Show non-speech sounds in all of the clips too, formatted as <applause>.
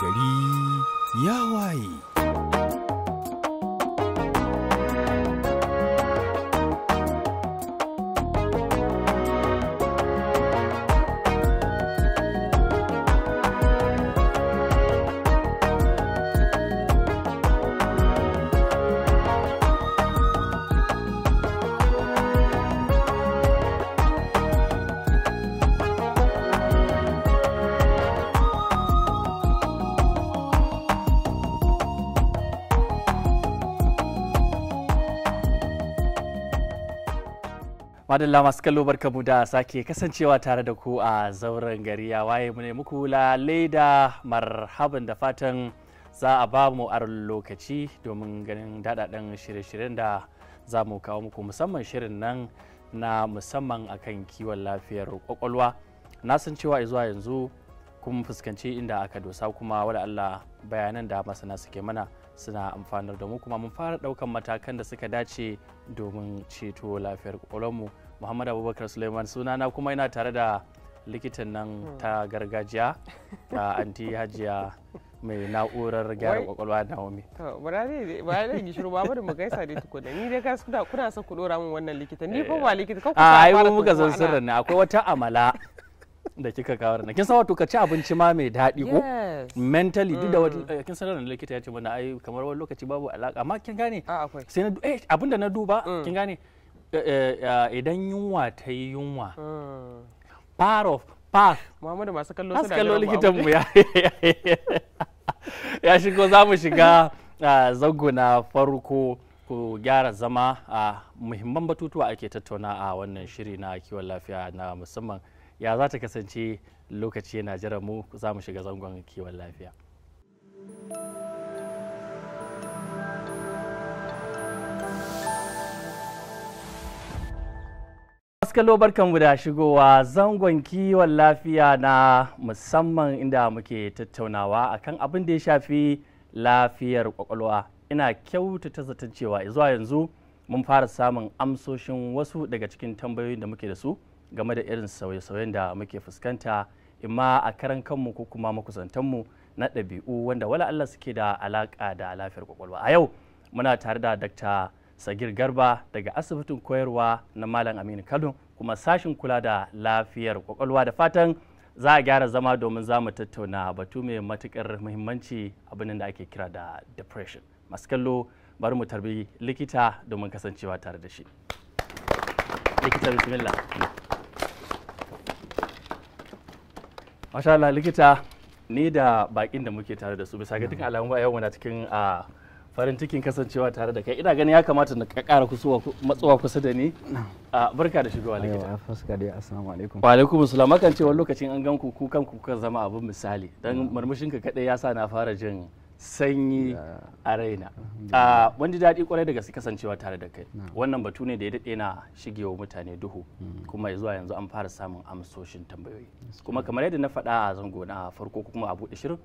gari ya waye. madalla masu kallo barkamu da sake kasancewa tare da ku a zauren gari ya waye mu ne muku lalai da marhaban da fatan za a ba mu ar lokaci domin ganin daɗaɗɗen shirye-shiryen da za mu kawo muku musamman shirin nan na musamman akan kiwon lafiyar kwakwalwa na san cewa zuwa yanzu kun fuskanci inda aka dosa kuma wada Allah bayanan da masana suke mana suna amfanar da mu kuma mun fara daukan matakan da suka dace domin ceto lafiyar mu. Muhammad Abubakar Suleiman sunana kuma ina tare da likitan nan hmm. ta gargajiya <laughs> ta anti hajiya mai na'urar gyara kwakwalwa Naomi. Bara ne ba ya zai shiru ba bari mu gaisa dai da ni dai ka suna kuna son ku dora min wannan eh, likita ni ko ba likita ko ku fara ai mu muka san sirrin ne akwai wata amala da kika kawo na kin san wato ka ci abinci ma mai daɗi ko mentally duk da hmm. eh, kin san ranar likita ya ce mana ai kamar wani lokaci babu alaka amma kin gane sai na eh, abinda na duba hmm. kin gane Eh, eh, idan yunwa ta yi yunwa ah. part of Muhammadu masu kallo suna kallo likitan mu ya ya shigo za mu shiga ah, zango na farko ku gyara zama a ah, muhimman batutuwa ake tattauna a wannan shiri na kiwon lafiya na musamman ya za ta kasance lokaci yana jira mu za mu shiga zangon kiwon lafiya. kallo barkanmu da shigowa zangon kiwon lafiya na musamman inda muke tattaunawa akan abin da ya shafi lafiyar kwakwalwa ina kyautata zaton cewa zuwa yanzu mun fara samun amsoshin wasu daga cikin tambayoyin da muke da su game da irin sauye-sauyen da muke fuskanta imma a karan kanmu ko kuma makusantanmu na ɗabi'u wanda wala Allah suke da alaƙa da lafiyar kwakwalwa a yau muna tare da Dr. sagir garba daga asibitin koyarwa na malam aminu kano kuma sashin kula da lafiyar kwakwalwa da fatan za a gyara zama domin za mu tattauna batu mai matukar muhimmanci abin da ake kira da depression masu kallo bari mu tarbi likita domin kasancewa tare da shi likita bismillah masha Allah likita ni da bakin da muke tare da su bisa ga dukkan alamu a yau muna cikin ah, farin cikin kasancewa tare da kai ina ganin ya kamata na kara kusuwa matsuwa kusa da ni a barka da shigowa likita fuska dai assalamu alaikum wa alaikum assalam cewa lokacin an ganku ku kanku kan zama abin misali dan murmushin ka kadai sa na fara jin sanyi a raina a wani daɗi kwarai da gaske kasancewa tare da kai wannan batu ne da ya daɗe na shigewa mutane duhu mm. kuma zuwa yanzu an fara samun amsoshin tambayoyi kuma kamar yadda na faɗa a zango na farko kuma a buɗe shirin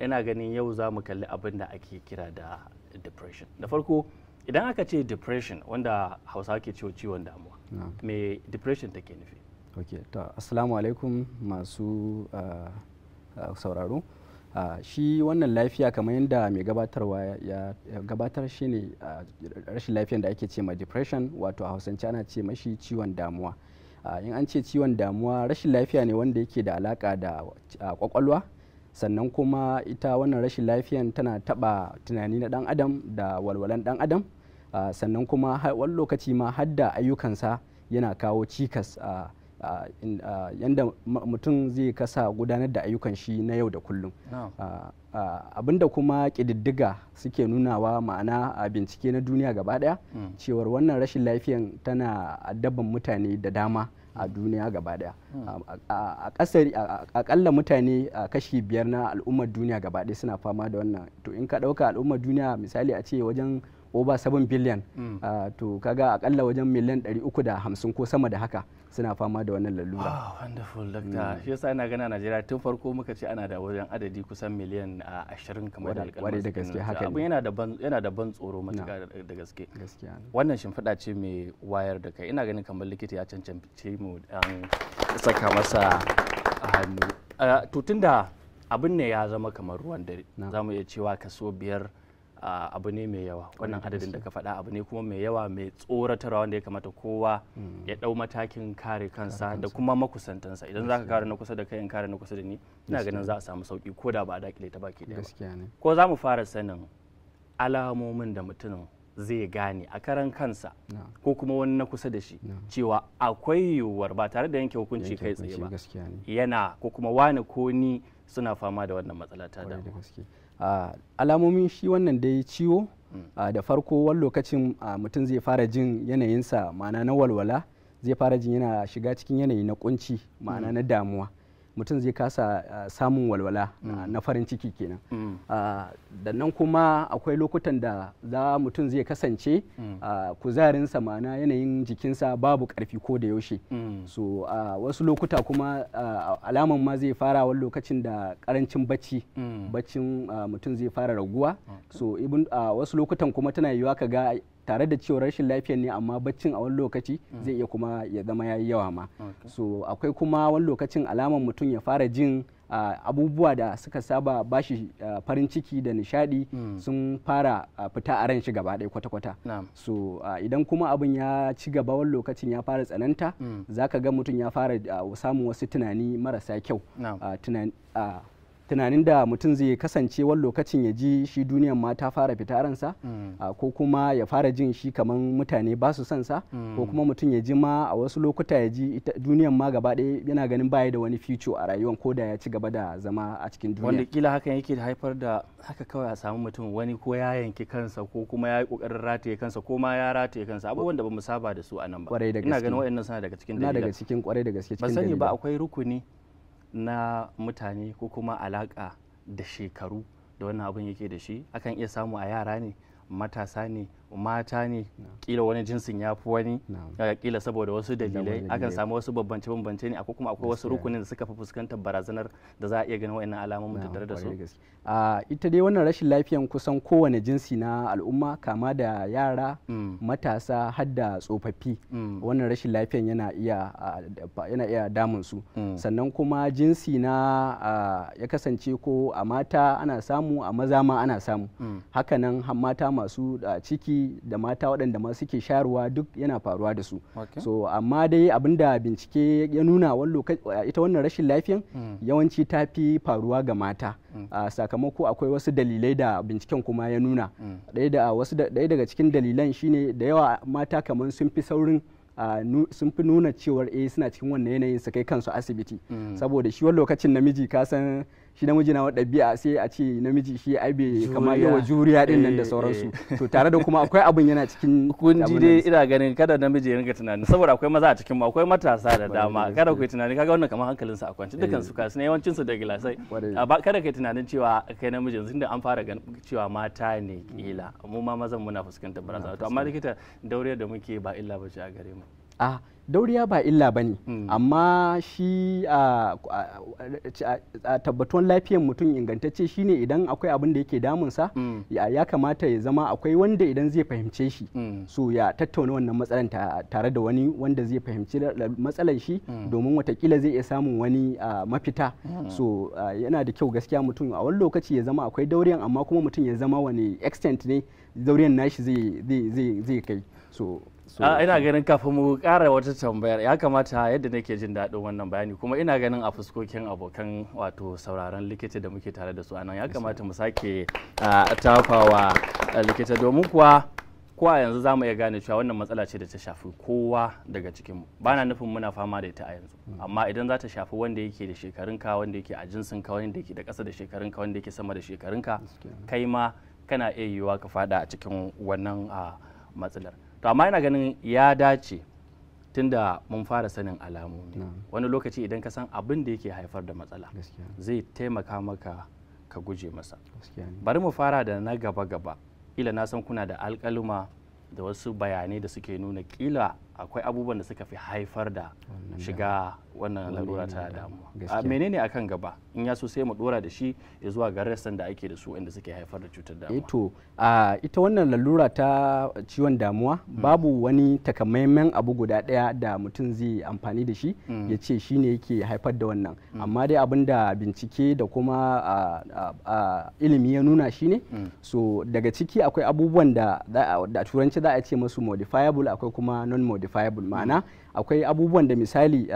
ina ganin yau za mu kalli abin da ake kira da depression da farko idan aka ce depression wanda hausa ke cewa ciwon damuwa me depression take nufi ok to assalamu alaikum masu ah, ah, sauraro ah, shi wannan lafiya kamar yadda mai gabatarwa ya gabatar shi ne rashin lafiyan da ake ce ma depression wato a hausance ana ce mashi ciwon damuwa in an ce ciwon damuwa rashin lafiya ne wanda yake da alaka da kwakwalwa sannan kuma ita wannan rashin lafiyan tana taba tunani na dan adam da walwalan dan adam ah, sannan kuma wani lokaci ma hadda ayyukansa yana kawo cikas a ah, ah, yadda mutum zai kasa gudanar da ayyukan shi na yau da kullum abinda kuma ƙididdiga suke nunawa ma'ana a bincike na duniya gaba daya hmm. cewar wannan rashin lafiyan tana addaban mutane da dama a hmm. duniya gaba daya hmm. akalla mutane a kashi biyar na al'ummar duniya gaba daya suna fama da wannan to in ka ɗauka al'ummar duniya misali a ce wajen over 7 billion mm. ah, to kaga akalla wajen miliyan 350 ko sama da haka suna fama da wannan lalura. Wow, ah, wonderful doctor. Mm. Shi yasa ina gana Najeriya tun farko muka ce ana da wajen adadi kusan miliyan 20 ah, kamar da alƙalma. Ware da gaske haka ne. yana da ban yana da ban tsoro matuƙa da gaske. Gaskiya. Wannan shimfiɗa ce mai wayar da kai. Ina ganin kamar likita ya cancanci mu dan saka masa hannu. To tunda abin ne ya zama kamar ruwan dare. Za mu iya cewa kaso biyar abu ne mai yawa wannan adadin da ka faɗa abu ne kuma mai yawa mai tsoratarwa wanda ya kamata kowa hmm. ya ɗau matakin kare kansa da kuma makusantansa idan za ka kare na kusa da kayan kare na kusa da ni ina ganin za a samu sauki ko da ba a dakile ta baki ɗaya ko za mu fara sanin alamomin da mutumin zai gane a karan kansa ko kuma wani na kusa da shi cewa akwai yiwuwar ba tare da yanke hukunci kai tsaye ba yana ko kuma wani ko ni suna fama da wannan matsala ta damu Ah, alamomin shi wannan dai ciwo mm. ah, da farko wani lokacin ah, mutum zai fara jin yanayinsa ma'ana na walwala zai fara jin yana shiga cikin yanayi na kunci ma'ana mm. na damuwa mutum zai kasa ah, samun walwala mm. ah, na farin ciki kenan mm. ah, da nan kuma akwai lokutan da za mutum zai kasance mm. kuzarinsa na yanayin jikinsa babu karfi ko da yaushe so wasu lokuta kuma alaman ma zai fara wani lokacin da karancin bacci baccin mutum zai fara raguwa so wasu lokutan kuma tana yiwuwa ka ga tare da cewa rashin lafiyar ne amma baccin a wani lokaci mm. zai iya kuma ya zama ya yi yawa ma so akwai kuma wani lokacin alamar mutum ya fara jin ah, abubuwa da suka saba bashi ah, farin ciki da nishadi mm. sun fara ah, fita a ran shi gaba ɗaya kwata-kwata so idan kuma abin ya ci gaba wani lokacin ya fara tsananta mm. za ka ga mutum ya fara samun wasu tunani marasa kyau tunanin da mutum zai kasance wani lokacin ya ji shi duniyan ma ta fara fita ransa mm. ko kuma ya fara jin shi kaman mutane ba su son sa mm. ko kuma mutum ya ji ma a wasu lokuta ya ji duniyan ma gaba ɗaya yana ganin baya da wani fico a rayuwan ko da ya ci gaba da zama a cikin duniya wanda kila hakan yake haifar da haka kawai a samu mutum wani ko ya yanki kansa ko kuma ya yi kokarin rataye kansa ko ma ya rataye kansa abubuwan da mu saba da su a nan ba ina ganin waɗannan suna daga cikin Ina daga cikin kwarai da gaske cikin ba sani ba akwai rukuni na mutane ko kuma alaka da shekaru da wannan abin yake da shi akan iya samu a yara ne matasa ne mata ne kila wani jinsin ya fi wani kila saboda wasu dalilai akan samu wasu babbance bambance ne akwai kuma akwai wasu rukunin da suka fi fuskantar barazanar da za a iya ganin wa'annan alamomin tattare da su ita dai wannan rashin lafiyan kusan kowane jinsi na al'umma kama da yara mm. matasa har da tsofaffi mm. wannan rashin lafiyan yana iya yana iya damun su mm. sannan kuma jinsi na ya kasance ko a mata ana samu a maza ma ana samu hakanan mata masu ciki da mata waɗanda ma suke shayarwa duk yana faruwa da su so amma dai abin da bincike ya nuna ita wannan rashin lafiyan hmm. yawanci ta fi faruwa ga mata hmm. sakamako akwai wasu dalilai da binciken kuma ya nuna hmm. ɗaya daga cikin dalilan shine da yawa mata kamar sun fi saurin sun fi nuna cewar eh suna cikin wannan yanayin su kai kansu asibiti saboda shi wani lokacin namiji kasan. shi namiji na ɗabi'a sai a ce namiji shi ai bai kama yawa juriya din nan da eh, sauransu eh. to tare da kuma akwai abin yana cikin <laughs> kun ji dai ina ganin kada namiji ya ringa tunani saboda akwai maza a cikin mu akwai matasa da dama kada ku yi tunani kaga wannan kamar hankalin hankalinsa a kwance dukan su kasu eh. ne yawancin su da gilasai kada ka yi tunanin cewa kai namiji yanzu da an fara ganin cewa mata ne kila mu ma mazan muna fuskantar barazana to amma likita daure da muke ba illa ba bace a gare mu a ah, dauriya ba illa ba ne hmm. amma shi a tabbatuwan lafiyan mutum ingantacce ne idan akwai abin da yake damunsa hmm. ya kamata ya zama akwai wanda idan zai fahimce shi hmm. so ya tattauna wannan matsalan tare da wani wanda zai fahimci matsalan shi domin watakila zai iya samun wani mafita so yana da kyau gaskiya mutum a wani lokaci ya zama akwai dauriyan amma kuma mutum ya zama wani extent ne dauriyan nashi zai kai so so ah, ina ganin kafin mu kara wata tambayar ya kamata yadda nake jin daɗin wannan bayani kuma ina ganin a fuskokin abokan wato sauraron likita da muke tare da su anan ya kamata mu sake ah, tafawa ah, likita domin kuwa kuwa yanzu za mu iya gane cewa wannan matsala ce da ta shafi kowa daga cikinmu ba na nufin muna fama da ita a yanzu mm. amma idan za ta shafi wanda yake da shekarunka wanda yake a jinsinka wanda yake da ƙasa da shekarunka wanda yake sama da shekarunka kai ma kana iya yiwuwa ka fada a cikin wannan matsalar to amma ina ganin ya dace tunda mun fara sanin alamomi wani lokaci idan ka san abin da yake haifar da matsala zai taimaka maka ka guje masa bari mu fara da na gaba gaba ila na san kuna da alkaluma da wasu bayanai da suke nuna kila akwai abubuwan da suka fi haifar da shiga wannan larura ta damuwa a menene akan gaba in ya so sai mu dora da shi ya zuwa ga rassan da ake da su inda suke haifar da cutar damuwa eh to a ita wannan lalura ta ciwon damuwa hmm. babu wani takamaiman abu guda daya da mutum zai amfani da shi hmm. ya ce shi ne yake haifar da wannan hmm. amma dai abin da bincike da kuma ilimi ya nuna shine so daga ciki akwai abubuwan da turanci za a ce masu modifiable akwai kuma non modifiable ma'ana akwai abubuwan da misali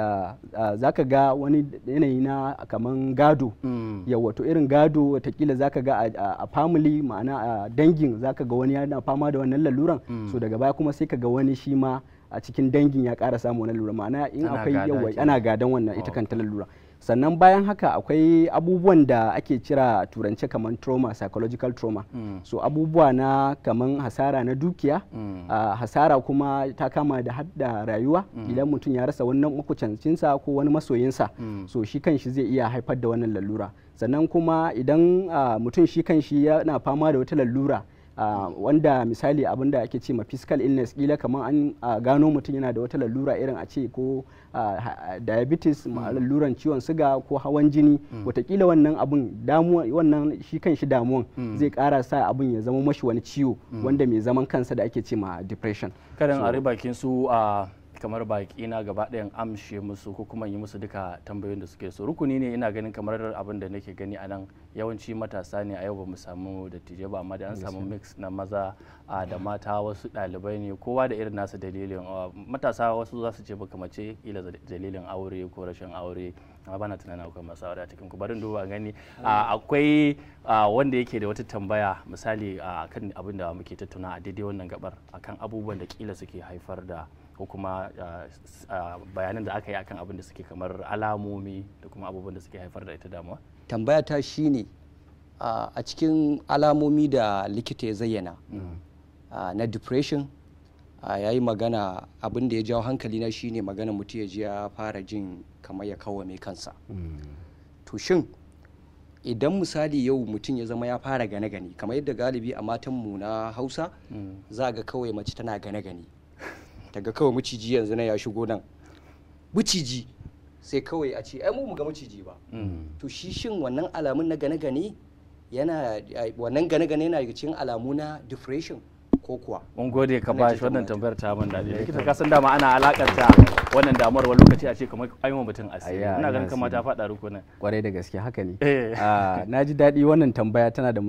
za ka ga wani yanayi na kaman gado mm. yawa to irin gado watakila za ka ga a family ma'ana a dangin za ka ga wani yana fama da wannan laluran mm. so daga baya kuma sai ka ga wani shi ma a cikin dangin ya kara samu wannan lura ma'ana in akwai yawa ana gadan wannan ita oh. kanta lalura sannan bayan haka akwai abubuwan da ake cira turance kamar trauma psychological trauma mm. so abubuwa na kamar hasara na dukiya mm. uh, hasara kuma ta kama da hadda rayuwa mm. idan mutum ya rasa wannan makucancinsa ko wani masoyinsa mm. so shi kan shi zai iya haifar da wannan lalura sannan kuma idan uh, mutum shi kan shi yana fama da wata lalura Ah, wanda misali abinda ake ce ma fiscal illness kila kamar an ah, gano mutum yana da wata lalura irin a ce ko ah, diabetes mm. laluran ciwon suga ko hawan jini mm. watakila wannan abin damuwa wannan shi kan shi damuwan mm. zai kara sa abin ya zama mashi wani ciwo wanda mai zaman kansa da ake ce ma depression kadan a ribakin su a kamar baki na gaba ɗayan amshe musu ko kuma yi musu duka tambayoyin da suke so rukuni ne ina ganin kamar abin da nake gani a nan yawanci matasa ne a yau ba mu samu dattijai ba amma da an samu mix na maza da mata wasu ɗalibai ne kowa da irin nasu dalilin matasa wasu za su ce baka mace kila dalilin aure ko rashin aure amma bana tunanin akwai masu aure a cikin ku barin duba gani akwai wanda yake da wata tambaya misali akan abin da muke tattauna a daidai wannan gabar akan abubuwan da kila suke haifar da ko kuma ah, ah, bayanan da aka yi akan abin da suke kamar alamomi da kuma abubuwan da suke haifar da ita damuwa tambaya ta shine ah, a cikin alamomi da likita ya zayyana mm. na depression ya yi magana abin da ya jawo hankali na shine magana mutum ya ji ya fara jin kamar ya kawame kansa mm. to shin idan misali yau mutum ya zama ya fara gane gani kamar yadda galibi a matanmu na hausa mm. za ga kawai mace tana gane gani ta ga kawai maciji yanzu na ya shigo nan maciji sai kawai a ce ai mu ga maciji ba mm. to shi shin wannan alamun na gane-gane yana wannan gane-gane yana cikin alamu na depression ko kuwa mun gode ka ba shi wannan tambayar ta mun daɗi likita ka san dama ana alakanta wannan damuwar wani lokaci a ce kamar ai mun mutum asiri ina ganin kamar ta faɗa ruko nan kwarai da gaske haka ne eh. ah, na ji daɗi wannan tambaya tana da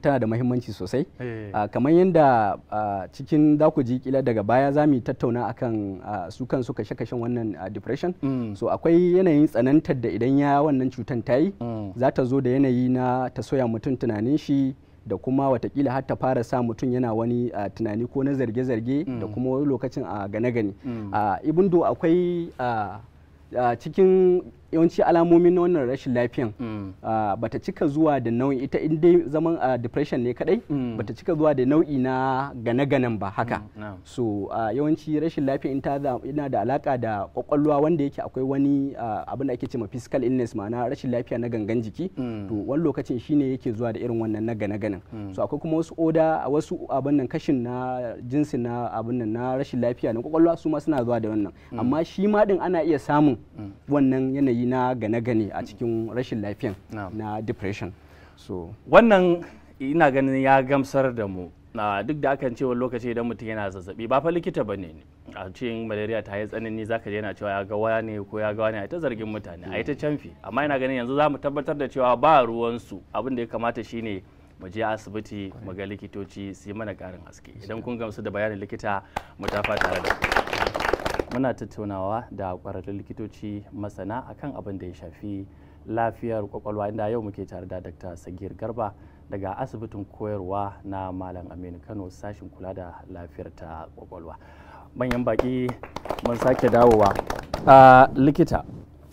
tana da muhimmanci sosai eh. ah, kamar yadda ah, cikin za ku ji kila daga baya za mu tattauna akan su kan su kashe-kashen wannan depression mm. so akwai yanayin tsanantar da idan ya wannan cutan ta yi mm. za ta zo da yanayi na ta soya mutum tunanin shi da kuma watakila har ta fara sa mutum yana wani ah, tunani ko na zarge-zarge mm. da kuma wani lokacin a ah, gane-gane mm. ah, ibn do akwai cikin yawanci alamomin na wannan rashin lafiyan mm. bata cika zuwa da nau'i ita in dai zaman a depression ne kadai mm. bata cika zuwa da nau'i na gane-ganen ba haka mm, so yawanci rashin lafiya ta yana da alaka da kwakwalwa wanda yake akwai wani abin da ake cewa physical illness ma'ana rashin lafiya na gangan jiki to wani lokacin shine yake zuwa da irin wannan na gane-ganen so akwai kuma wasu oda wasu abin nan kashin na jinsi na abin nan na rashin lafiya na kwakwalwa su ma suna zuwa da wannan amma shi ma din ana iya samun wannan yanayi na gane-gane a cikin rashin lafiyan na depression so wannan ina ganin ya gamsar da mu duk da akan cewa lokaci idan mutum yana zazzabi ba fa likita bane a cikin malaria ta yi tsanani zaka je yana cewa ya ga ne ko ya ga wani a ta zargin mutane a ta canfi amma ina ganin yanzu za mu tabbatar da cewa ba ruwan su abin da ya kamata shine mu je asibiti mu ga likitoci su yi mana karin haske idan kun gamsu da bayanin likita mu tafa tare da ku muna tattaunawa da kwararrun likitoci masana akan abin da ya shafi lafiyar kwakwalwa inda yau muke tare da dr sagir garba daga asibitin koyarwa na malam aminu kano sashin kula da lafiyar ta kwakwalwa manyan baki mun sake dawowa a likita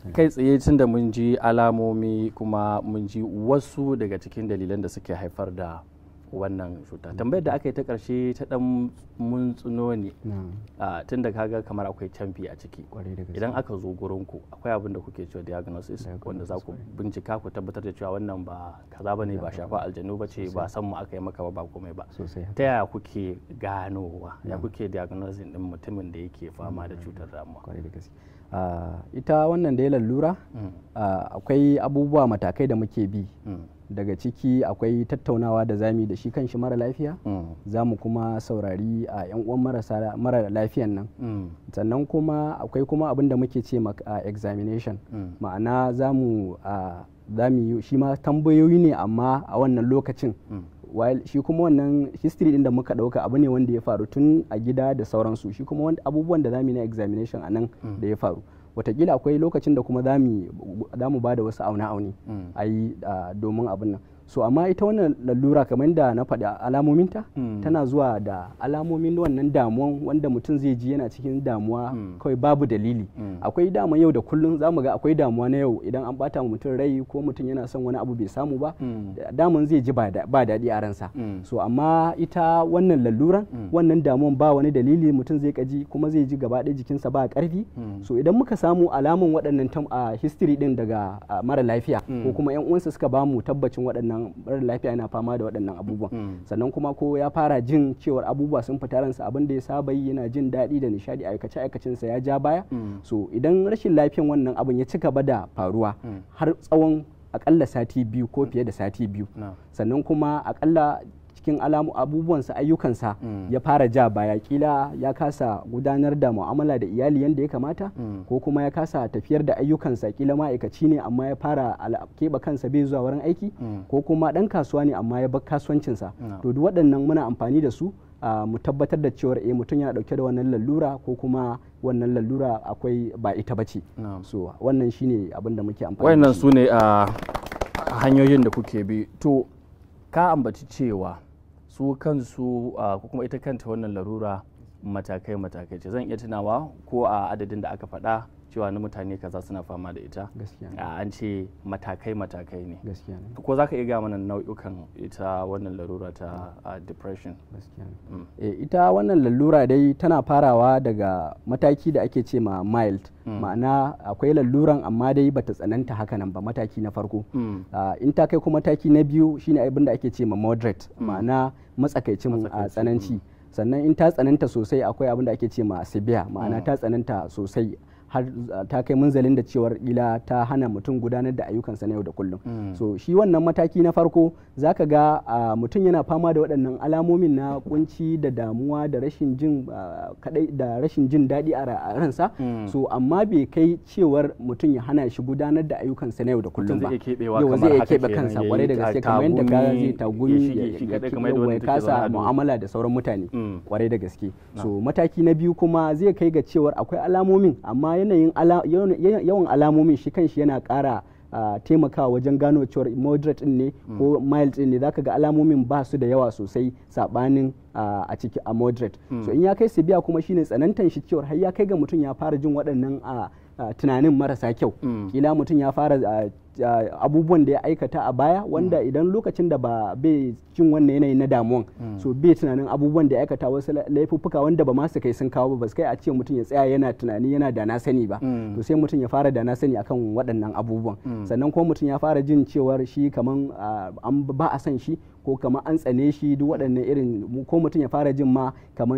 hmm. kai tsaye tun da mun ji alamomi kuma mun ji wasu daga cikin dalilan da suke haifar da wannan cuta tambayar da aka yi ta karshe ta ɗan mun tsuno ne tun da kaga kamar akwai canfi a ciki idan aka zo gurin ku akwai abin da kuke cewa diagnosis wanda za ku bincika ku tabbatar da cewa wannan ba kaza bane ba shafa aljanu ba ce ba san mu aka yi maka ba komai ba ta yaya kuke ganowa ya kuke diagnosing din mutumin da yake fama da cutar damuwa ita wannan da ya lallura mm. akwai abubuwa matakai da muke bi mm. daga ciki akwai tattaunawa da zami da shi kan shi mara lafiya mm. za mu kuma saurari a 'yan uwan mara lafiyan nan mm. sannan kuma akwai kuma abin da muke ce examination mm. ma'ana za mu shi ma tambayoyi ne amma a wannan lokacin shi kuma wannan history din da muka dauka abu ne wanda ya faru tun a gida da sauransu shi kuma abubuwan da zamu na examination a nan da ya faru watakila akwai lokacin da kuma za mu ba da wasu aune-aune mm. a yi domin abin nan so amma ita wannan lallura kamar da na faɗi alamominta mm. tana zuwa da alamomin wannan damuwan wanda mutum zai ji yana cikin damuwa mm. kawai babu dalili mm. akwai dama yau da kullum za mu ga akwai damuwa na yau idan an bata mutum rai ko mutum yana son wani abu bai samu ba hmm. daman zai ji ba daɗi a ransa hmm. so amma ita wannan mm. wannan damuwan ba wani dalili mutum zai kaji kuma zai ji gaba ɗaya jikinsa ba ƙarfi hmm. so idan muka samu alamun waɗannan a history ɗin daga mara lafiya ko kuma 'yan uwansa suka bamu tabbacin waɗannan wannan barin lafiya yana fama da waɗannan abubuwan mm. sannan kuma ko ya fara jin cewar abubuwa sun fita ransa abin da ya saba yi yana jin daɗi da nishadi a aikace sa ya ja baya mm. so idan rashin lafiyan wannan abin ya ci gaba da faruwa mm. har tsawon akalla sati biyu ko fiye da sati biyu sannan kuma akalla cikin alamu abubuwansa ayyukansa mm. ya fara ja baya kila ya kasa gudanar da mu'amala da iyali yadda ya kamata mm. ko kuma ya kasa tafiyar da ayyukansa kila ma'aikaci ne amma ya fara keɓe kansa bai zuwa wurin aiki mm. ko kuma ɗan kasuwa ne amma ya bar kasuwancinsa to duk waɗannan muna amfani da su mu tabbatar da cewa eh mutum yana dauke da wannan lallura ko kuma wannan lallura akwai ba ita ba ce so wannan shine abin da muke amfani wannan su ne hanyoyin da kuke bi to ka ambaci cewa su kansu ko kuma ita kanta wannan larura matakai-matakai ce zan iya tunawa ko a adadin da aka faɗa cewa na mutane kaza suna fama da ita an ce matakai matakai ne ko za ka iya gaya mana nau'ukan ita wannan larura ta depression mm. eh, ita wannan lalura dai tana farawa daga mataki da ake ce ma mild mm. ma'ana akwai laluran amma dai bata tsananta haka nan ba mataki na farko mm. in ta kai kuma mataki na biyu shine abin da ake ce ma moderate ma'ana matsakaicin tsananci sannan in ta tsananta sosai akwai abin da ake ce ma severe ma'ana ta tsananta sosai har eh, ta kai munzalin da cewar ila ta hana mutum gudanar da ayyukansa na yau da kullum mm. so shi wannan mataki na farko zaka ga ah, mutum yana fama da waɗannan alamomin na kunci da damuwa da rashin jin ah, kadai da rashin jin daɗi a ransa mm. so amma bai kai cewar mutum ya hana shi gudanar da ayyukansa na yau da kullum ba yau zai iya keɓe kansa kwarai da gaske kamar yadda ka zai tagumi ya kasa mu'amala da sauran mutane kwarai mm. da gaske so mataki na biyu kuma zai kai ga cewar akwai alamomin amma yanayin yawan alamomin shi kanshi yana ƙara taimakawa wajen gano cewar moderate ne ko hmm. mild din ne zaka ga alamomin ba su da yawa sosai sabanin a ciki a moderate hmm. so in ya kai sibiya kuma shine tsanantan shi cewar har ya kai ga mutum ya fara jin waɗannan tunanin marasa kyau hmm. kila mutum ya fara abubuwan da ya aikata a baya wanda mm. idan lokacin da ba bai cin wannan yanayi na damuwan mm. so bai tunanin abubuwan da ya aikata wasu laifuffuka wanda ba masu kai sun kawo ba kai a ce mutum ya tsaya yana tunani yana da na sani ba mm. to sai mutum ya fara da na sani akan waɗannan abubuwan sannan kuma mutum ya fara jin cewar shi kaman ba a san shi ko kamar an tsane shi duk waɗannan irin ko mutum ya fara jin ma kamar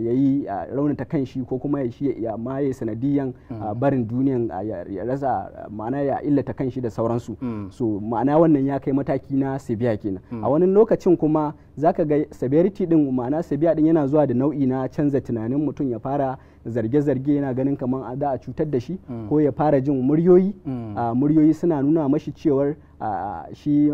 ya yi raunata kan shi ko kuma ya shi ya maye sanadiyan mm. barin duniyan ya rasa ma'ana ya illata kan shi da sauransu mm. so ma'ana wannan ya kai mataki na sibiya kenan mm. a wani lokacin kuma zaka ga severity din ma'ana sibiya din yana zuwa da nau'i na canza tunanin mutum ya fara zarge-zarge yana ganin kamar da a cutar da shi ko ya fara jin muryoyi muryoyi suna nuna mashi cewar shi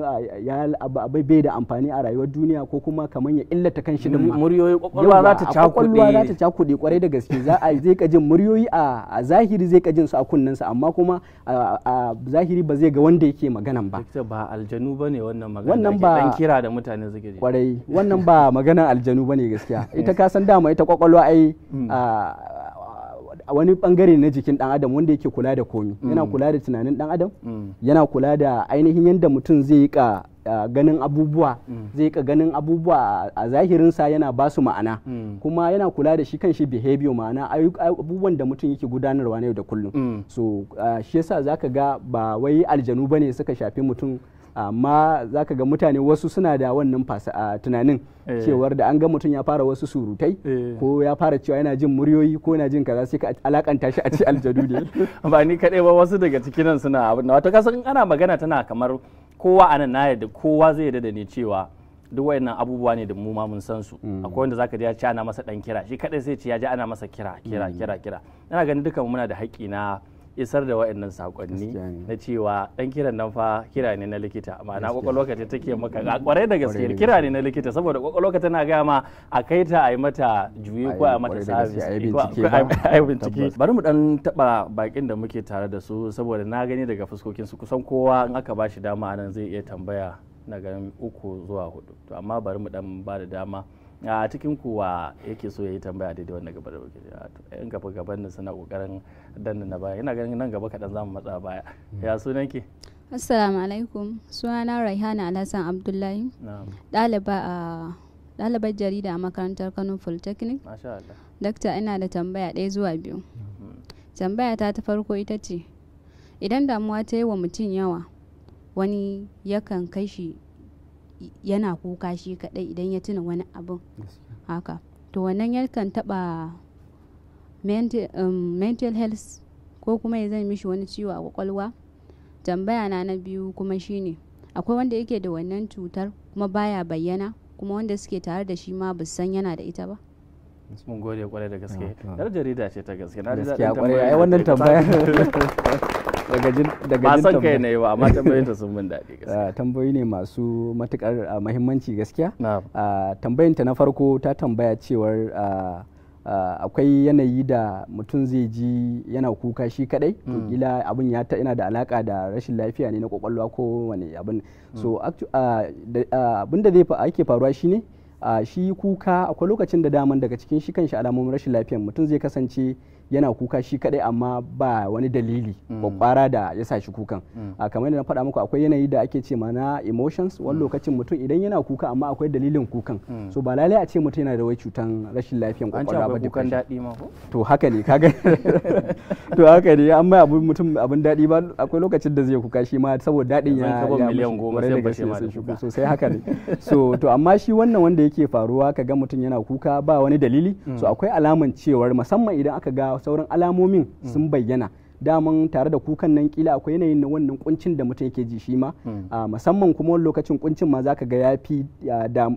ya bai da amfani a rayuwar duniya ko kuma kamar ya illata kan shi da muryoyi kwakwalwa za ta cakuɗe kwakwalwa za ta cakuɗe kwarai da gaske za a zai ka jin muryoyi a zahiri zai ka jin su a kunnen sa amma kuma a zahiri ba zai ga wanda yake maganan ba ba aljanu bane wannan magana wannan ba dan kira da mutane suke ji kwarai wannan ba maganan aljanu bane gaskiya ita ka san dama ita kwakwalwa ai mm. a wani bangare na jikin dan adam wanda yake kula da komi mm. yana kula da tunanin dan adam mm. yana kula da ainihin yadda mutum zai yi ka ganin abubuwa mm. zai ka ganin abubuwa a zahirinsa yana ba su ma'ana kuma yana kula da shi kan shi behavior ma'ana abubuwan da mutum yake gudanarwa na yau da kullum so shi yasa zaka ga ba wai aljanu bane suka shafi mutum amma za ka ga mutane wasu suna da wannan fasa tunanin eh. cewar da an ga mutum ya fara wasu surutai eh. ko ya fara cewa yana jin muryoyi ko yana jin kaza sai ka alakanta shi a ci aljadu ne <laughs> ba ni kaɗai ba wasu daga cikin nan suna abin wato kasan ana magana tana kamar kowa anan na yadda kowa zai yadda da ni cewa duk wayannan abubuwa ne da mu ma mun san su mm. akwai wanda zaka ji ya ci ana masa dan kira shi kaɗai sai ce ya ji ana masa kira kira mm. kira kira ina ganin dukan muna da haƙƙi na isar da wa'annan sakonni na cewa ɗan kiran nan fa kira ne na likita ma'ana kwakwalwarka ta take maka a kwarai da gaske kira ne na likita saboda kwakwalwarka tana gaya ma a kai ta a yi mata juyi ko a mata service <laughs> bari mu dan taba bakin da muke tare da su saboda na gani daga fuskokin su kusan kowa in aka bashi dama nan zai iya tambaya na ganin uku zuwa hudu to amma bari mu dan ba da dama a cikin kuwa yake so ya yi tambaya daidai wanda gaba da yan gaba gaban nan suna kokarin danna na baya yana ganin nan gaba kaɗan zamu matsa baya hmm. ya sunan ki assalamu alaikum sunana raihana alhassan abdullahi daliba a dalibar jarida a makarantar kano polytechnic dakta ina da tambaya ɗaya zuwa biyu hmm. tambaya ta ta farko ita ce idan damuwa ta yi wa mutum yawa wani yakan kai shi yana kuka shi kadai idan ya tuna wani abin haka to wannan yakan taba um, mental health ko kuma ya zai mishi wani ciwo a kwakwalwa tambaya na na biyu kuma shine akwai wanda yake da wannan cutar kuma baya bayyana kuma wanda suke tare da shi ma ba san yana da ita ba mun gode kwarai da gaske yar jarida ce ta gaske na ji daɗin tambaya ai wannan tambaya <laughs> daga jin kai ne ba amma tambayoyin ta sun mun daɗi gaskiya ah, tambayoyi ne masu matukar ah, muhimmanci gaskiya ah, tambayin ta na farko ta tambaya cewar akwai yanayi da mutum zai ji yana kuka shi kadai hmm. kila abin ya ta ina da alaka da rashin lafiya ne na kwakwalwa ko wani abin hmm. so abin da zai ake faruwa shi ne shi kuka akwai lokacin da daman daga cikin shi kan shi alamomin rashin lafiya mutum zai kasance yana kuka shi kadai amma ba wani dalili babbara mm. da ya sa shi kukan mm. a kamar yadda na faɗa muku akwai yanayi da ake ce mana emotions wani mm. lokacin mutum idan yana kuka amma akwai dalilin kukan so ba lalai a ce mutum yana da wai cutan rashin lafiyan kwakwalwa ba kukan daɗi ma to haka ne kaga <laughs> to haka ne amma abu mutum abin daɗi ba akwai lokacin da zai kuka shi ma saboda daɗin ya ya miliyan goma sai ba sai shuka so sai haka ne <laughs> so to amma shi wannan wanda yake faruwa kaga mutum yana kuka ba wani dalili so akwai alaman cewar musamman idan aka ga sauran alamomin sun bayyana daman tare da kukan nan kila akwai yanayin na wannan kuncin da mutum yake ji shi ma hmm. ah, musamman kuma wani lokacin kuncin ma zaka ga yafi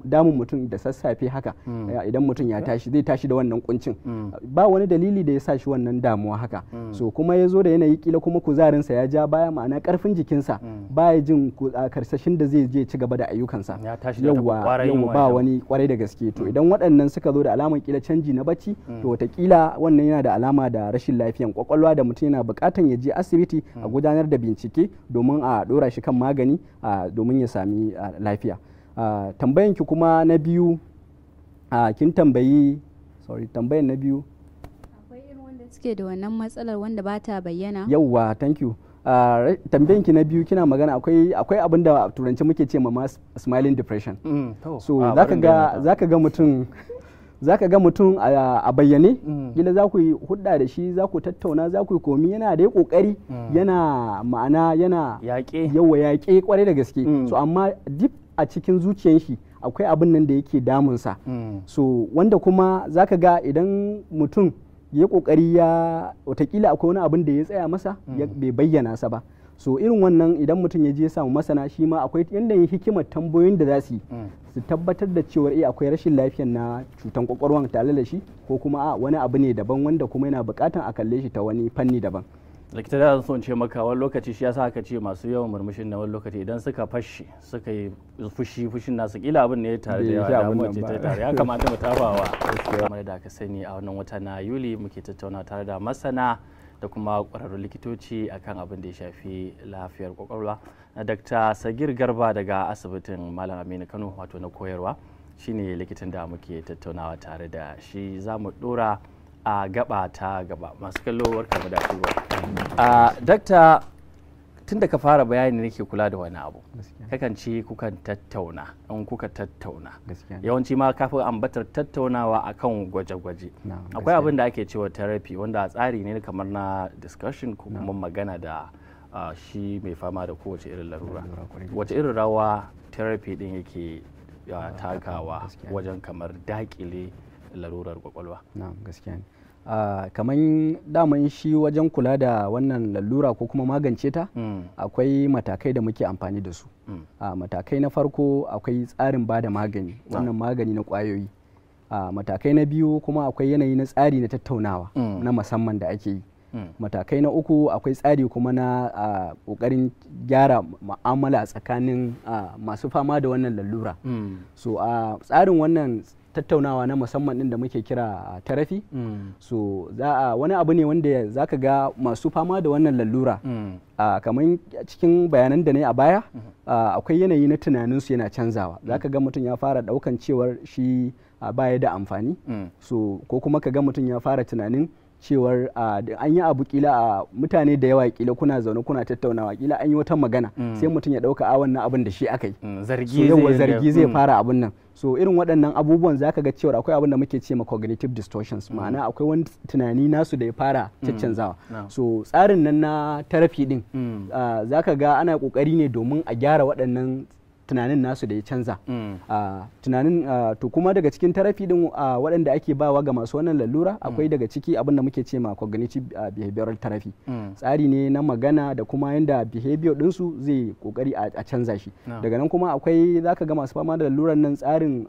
damun mutum da sassafe haka hmm. ah, idan mutum ya tashi zai tashi da wannan kuncin hmm. ba wani dalili da ya sa shi wannan damuwa haka so kuma ya zo da yanayi kila kuma kuzarinsa ya ja baya ma'ana karfin jikinsa baya jin karsashin da zai je ci gaba da ayyukansa yawa ba wani kwarai da gaske to idan waɗannan suka zo da alamar kila canji na bacci to watakila wannan yana da alama da rashin lafiyan kwakwalwa da mutum yana bukatan ya je asibiti a hmm. gudanar da bincike domin a dora shi kan magani domin ya sami lafiya tambayanki kuma na biyu kin tambayi sorry tambayan na biyu akwai irin wanda suke da wannan matsalar wanda ba ta bayyana yauwa thank you tambayan ki na biyu kina magana akwai akwai abin da turanci muke ce ma smiling depression hmm, so zaka ga zaka ga mutum za ka ga mutum a bayyane gila mm. za ku yi hudda da shi za ku tattauna za ku yi komi yana da ya kokari mm. yana ma'ana yana Yaƙe. yawa yaƙe kwarai da gaske mm. so amma dip a cikin zuciyan shi akwai abin nan da yake damunsa so wanda kuma za ka ga idan mutum ya kokari ya watakila akwai wani abin da ya tsaya masa bai bayyana sa ba so irin wannan idan mutum ya je samu masana shi ma akwai yanda hikimar tambayoyin da za su yi mm. su tabbatar da cewar eh akwai rashin lafiyar na cutan kwakwalwan tare da shi ko kuma a wani abu ne daban wanda kuma yana bukatan a kalle shi ta wani fanni daban likita da son ce maka wani lokaci shi yasa aka ce masu yawan murmushin na wani lokaci idan suka fashi suka yi fushi fushin nasu kila abin ne tare da yawa damuwa ce ta tare ya kamata mu tafawa <laughs> kamar da aka sani a wannan wata na yuli muke tattauna tare da masana da kuma kwararrun likitoci akan abin da ya shafi lafiyar kwakwalwa na dr sagir garba daga asibitin malam aminu kano wato na koyarwa shine likitan da muke tattaunawa tare da shi za mu ɗora a gaba ta gaba masu kallo warkar da dakta tun da ka fara bayani nake kula da wani abu kakan ce kukan tattauna in kuka tattauna yawanci ma kafin ambatar tattaunawa akan gwaje-gwaje akwai abin da ake cewa therapy wanda tsari ne kamar na discussion ko kuma magana da shi mai fama da kowace irin larura wace irin rawa therapy din yake ah, takawa wajen kamar dakile larurar kwakwalwa gaskiya ne a kamar daman shi wajen kula da wannan lallura ko kuma magance ta hmm. akwai matakai da muke amfani da su hmm. a matakai na farko akwai tsarin ba da magani wannan magani na kwayoyi matakai na biyu kuma akwai yanayi na tsari na tattaunawa hmm. na musamman da ake yi matakai na uku akwai tsari kuma na kokarin gyara mu'amala tsakanin masu fama da wannan lallura. so a tsarin wannan tattaunawa na musamman din da muke kira tarafi mm. so za a wani abu ne wanda za ka ga masu fama da wannan lalura mm. kamar cikin bayanan da ne a baya mm-hmm. akwai yanayi na tunanin su yana canzawa za mm. ka ga mutum ya fara daukan cewar shi baya da amfani so ko kuma ka ga mutum ya fara tunanin cewar an yi abu kila a mutane da yawa kila kuna zaune kuna tattaunawa kila an yi wata magana mm. sai mutum ya dauka a wannan abin da shi aka yi mm, zargi zai mm. fara abin nan so irin waɗannan abubuwan za ka ga cewar akwai abin da muke ce ma cognitive distortions ma'ana akwai wani tunani nasu da ya fara caccanzawa so tsarin nan na tarafi din za ka ga ana ƙoƙari ne domin a gyara waɗannan tunanin nasu da ya canza mm. tunanin to kuma daga cikin tarafi din waɗanda ake bawa ga masu wannan lalura mm. akwai daga ciki abin muke ce ma cognitive behavioral therapy mm. tsari ne na magana da kuma yanda behavior ɗinsu zai kokari a canza shi daga nan kuma akwai zaka ga masu fama da lalurar nan tsarin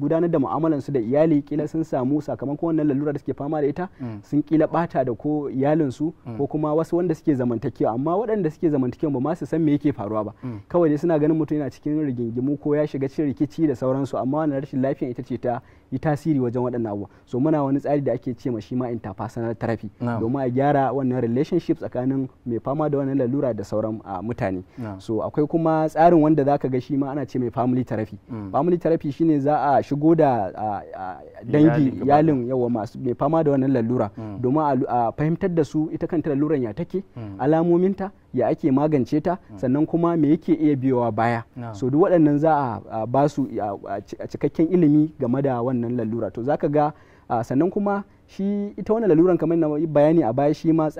gudanar da su da iyali kila sun samu sakamakon wannan lalura da suke fama da ita sun kila bata da ko iyalinsu ko kuma wasu wanda suke zamantakewa amma waɗanda suke zamantakewa ba ma su san me yake faruwa ba kawai dai suna ganin mutum yana yana cikin rigingimu ko ya shiga cikin rikici da sauransu amma wannan rashin lafiya ita ce ta yi tasiri wajen waɗannan abubuwa so muna wani tsari da ake ce ma shi ma interpersonal therapy domin a gyara wannan relationship tsakanin mai fama da wannan lalura da sauran ah, mutane so akwai kuma tsarin wanda zaka ga shi ma ana ce mai family therapy mm. family therapy shine za a shigo da ah, ah, dangi iyalin yawa masu mai fama da wannan lalura mm. domin a fahimtar da su ita kanta laluran ya take mm. alamominta ya ake magance ta hmm. sannan kuma me yake iya biyowa baya so duk waɗannan za a ba su cikakken ilimi game da wannan lalura to zaka ga sannan kuma shi ita wannan laluran kamar na bayani a baya shi ma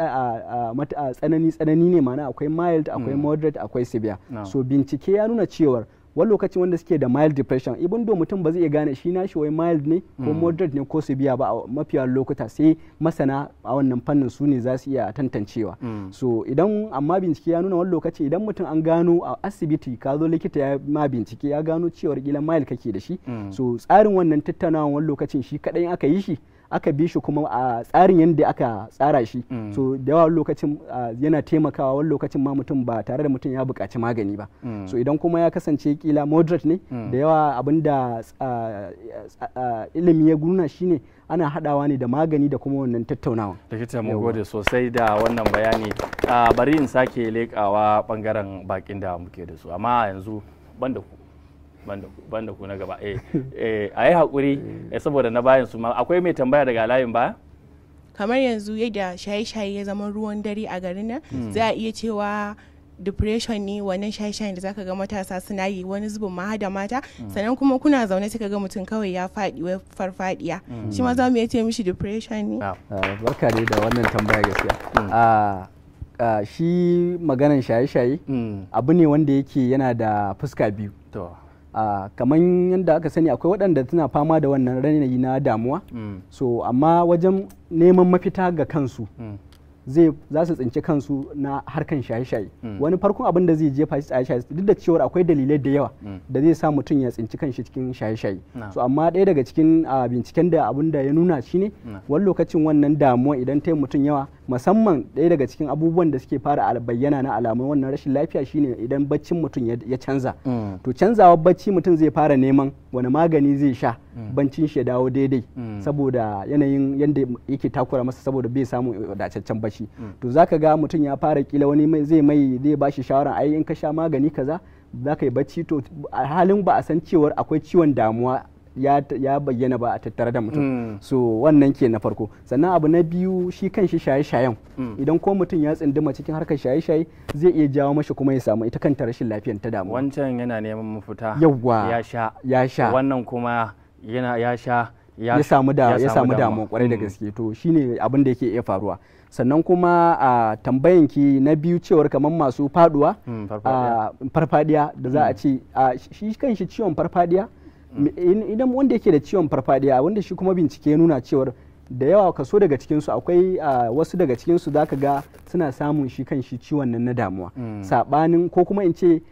tsanani tsanani ne mana akwai mild akwai hmm. moderate akwai severe so bincike ya nuna cewar wani lokacin wanda suke da mild depression ibin do mutum ba zai iya gane shi na nashi wai mild ne ko mm. moderate ne ko su biya ba a mafiya lokuta sai masana a wannan fannin su ne za su iya tantancewa mm. so idan amma bincike ya nuna wani lokaci idan mutum an gano a asibiti ka zo likita ya ma bincike ya gano cewar kila mild kake da shi mm. so tsarin wannan tattaunawa wani lokacin shi kadai aka yi shi aka bi shi kuma a tsarin yadda aka tsara shi mm. so da yawa lokacin yana taimakawa wani lokacin ma mutum ba tare da mutum ya buƙaci magani ba mm. so idan kuma ya kasance kila moderate ne mm. da yawa abinda ilimi ya guna ne ana haɗawa ne da magani da kuma wannan tattaunawa likita mu gode sosai da wannan bayani bari in sake leƙawa bangaren bakin da muke da su amma yanzu ban da ku da ku na gaba eh, eh, a yi haƙuri eh, saboda na bayan su ma akwai mai tambaya daga layin ba kamar yanzu yadda shaye-shaye ya zama ruwan dare a garin nan hmm. za a iya cewa depression ne wannan shaye-shayen da zaka ga matasa suna yi wani zubin ma hada mata hmm. sannan kuma kuna zaune suka ga mutum kawai ya faɗi wai farfadiya hmm. shi ma za mu iya mishi depression ne ah. Ah, barka dai da wannan tambaya gaskiya ah, shi maganan shaye-shaye abu ne wanda yake yana da fuska biyu kamar yadda aka sani akwai waɗanda suna fama da wannan ranar na damuwa mm. so amma wajen neman mafita ga kansu mm. zai za su tsinci kansu na harkan shaye-shaye hmm. wani farkon abin da zai jefa shi shaye-shaye duk da cewa akwai dalilai da yawa hmm. da zai sa mutum ya tsinci kanshi cikin shaye-shaye so amma ɗaya daga cikin binciken da abin da ya nuna shine wani lokacin wannan damuwa idan ta mutum yawa musamman ɗaya daga cikin abubuwan da suke fara bayyana na alamun wannan rashin lafiya shine idan baccin mutum ya canza hmm. to canzawa bacci mutum zai fara neman wani magani zai sha bancin shi ya dawo daidai saboda yanayin yadda yake takura masa saboda bai samu dacaccen bacci shi mm. to zaka ga mutum ya fara kila wani zai mai zai shi shawara ai in ka sha magani kaza za ka yi bacci to a halin ba a san cewar akwai ciwon damuwa ya bayyana ba a tattare da mutum mm. so wannan ke na farko sannan abu na biyu shi kan shi shaye-shayen mm. idan ko mutum ya tsinduma cikin harkar shaye-shaye zai iya jawo mashi kuma ya samu ita kanta rashin lafiyar ta damu wancan yana neman mafita yawa ya sha ya sha wannan kuma yana ya sha ya samu damu kwarai da gaske to shine abin da yake iya faruwa sannan kuma a tambayanki na biyu cewar kamar masu faduwa mm, farfadiya da za a mm. ce shi kan shi ciwon farfadiya mm. idan wanda yake da ciwon farfadiya wanda shi kuma bincike nuna cewar da yawa kaso daga cikinsu akwai wasu daga cikinsu za ka ga suna samun shi kan shi ciwon nan na damuwa saɓanin ko kuma in ce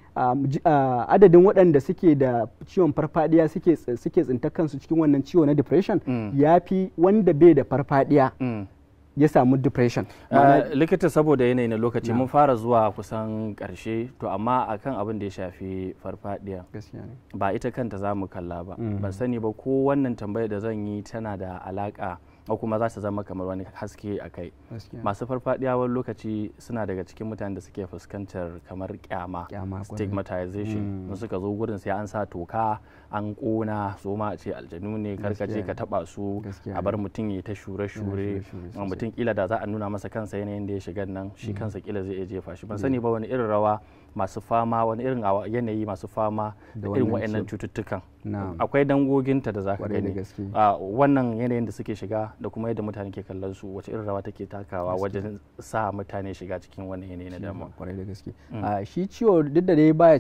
adadin waɗanda suke da ciwon farfadiya suke tsintakansu kansu cikin wannan ciwo na depression ya fi wanda bai da farfadiya ya samu depression likita saboda yanayi na lokaci mun fara zuwa kusan karshe to amma akan abin da ya shafi farfadiya ba ita kanta za mu kalla ba mm-hmm. ban sani ba ko wannan tambayar da zan yi tana da alaka ko kuma za su zama kamar wani haske a kai masu wani lokaci suna daga cikin mutane da suke fuskantar kamar kyama stigmatization mun mm. suka zo gurin sai an sa toka an kona so ma a ce aljanu ne karkace ka taba su a bar mutum ya ta shure-shure mutum kila da za a nuna masa kansa yanayin da ya shiga nan shi mm. kansa kila zai iya jefa shi ban mm. sani ba wani irin rawa masu fama wani irin yanayi masu fama da irin wa'annan cututtukan akwai dangoginta da ka gani ah, wannan yanayin da suke shiga da kuma yadda mutane ke kallon su wace irin rawa take takawa wajen sa mutane shiga cikin wannan yanayi na damuwa da gaske mm. ah, shi ciwo duk da dai baya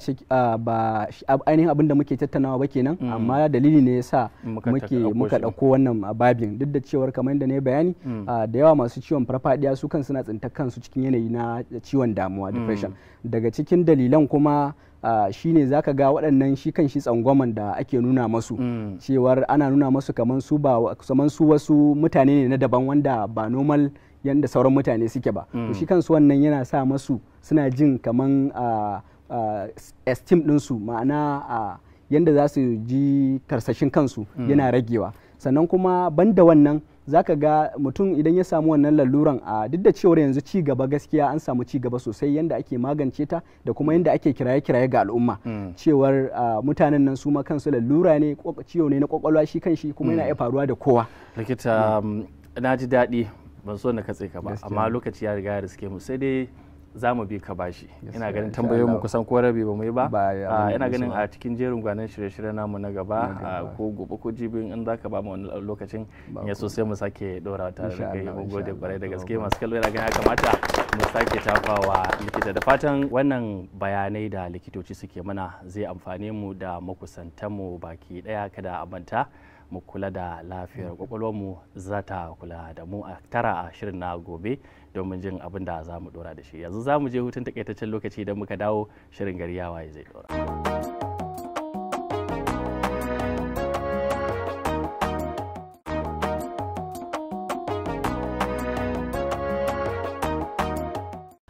ba ah, ainihin abin da muke tattaunawa ba kenan mm. amma dalili ne yasa muke muka dauko wannan babin duk da cewar kamar da ne bayani mm. da yawa masu ciwon farfadiya su kan suna tsinta kansu cikin yanayi na ciwon damuwa depression daga cikin dalilan kuma Uh, za ka ga waɗannan shi kan shi tsangwaman da ake nuna masu mm. cewar ana nuna masu kaman su ba su wasu mutane ne na daban wanda ba normal yadda sauran mutane suke ba mm. shi kansu wannan yana sa masu suna jin kaman uh, uh, esteem ɗinsu ma'ana yadda za su ji karsashin kansu mm. yana ragewa sannan kuma banda wannan zaka ga mutum idan ya samu wannan laluran a duk da cewar yanzu ci gaba gaskiya an samu ci gaba sosai yadda ake magance ta da kuma yanda ake kiraye kiraye ga al'umma mm. cewar mutanen nan su ma kansu lalura ne ciwo ne na kwakwalwa shi kan shi kuma yana mm. iya faruwa da kowa likita mm. um, na ji daɗi ban so na katse ka ba amma lokaci ya riga ya riske mu sai dai za mu bi ka bashi ina ganin tambayoyin mu kusan ko rabi ba mu yi ba ah, ina ganin a cikin jerin gwanin shirye-shirye namu na gaba ah, ko gobe ko jibin in zaka ba mu wani lokacin ya so sai mu sake dora ta da kai mu gode kwarai da gaske masu kallo ina ganin ya kamata mu sake tafawa likita da fatan wannan bayanai da likitoci suke mana zai amfane mu da makusantan mu baki daya kada a manta mu kula da lafiyar mm. mu za ta kula da mu a tara a shirin na gobe domin jin abin da za mu dora da shi yanzu za mu je hutun takaitaccen lokaci idan muka dawo shirin gari ya waye zai dora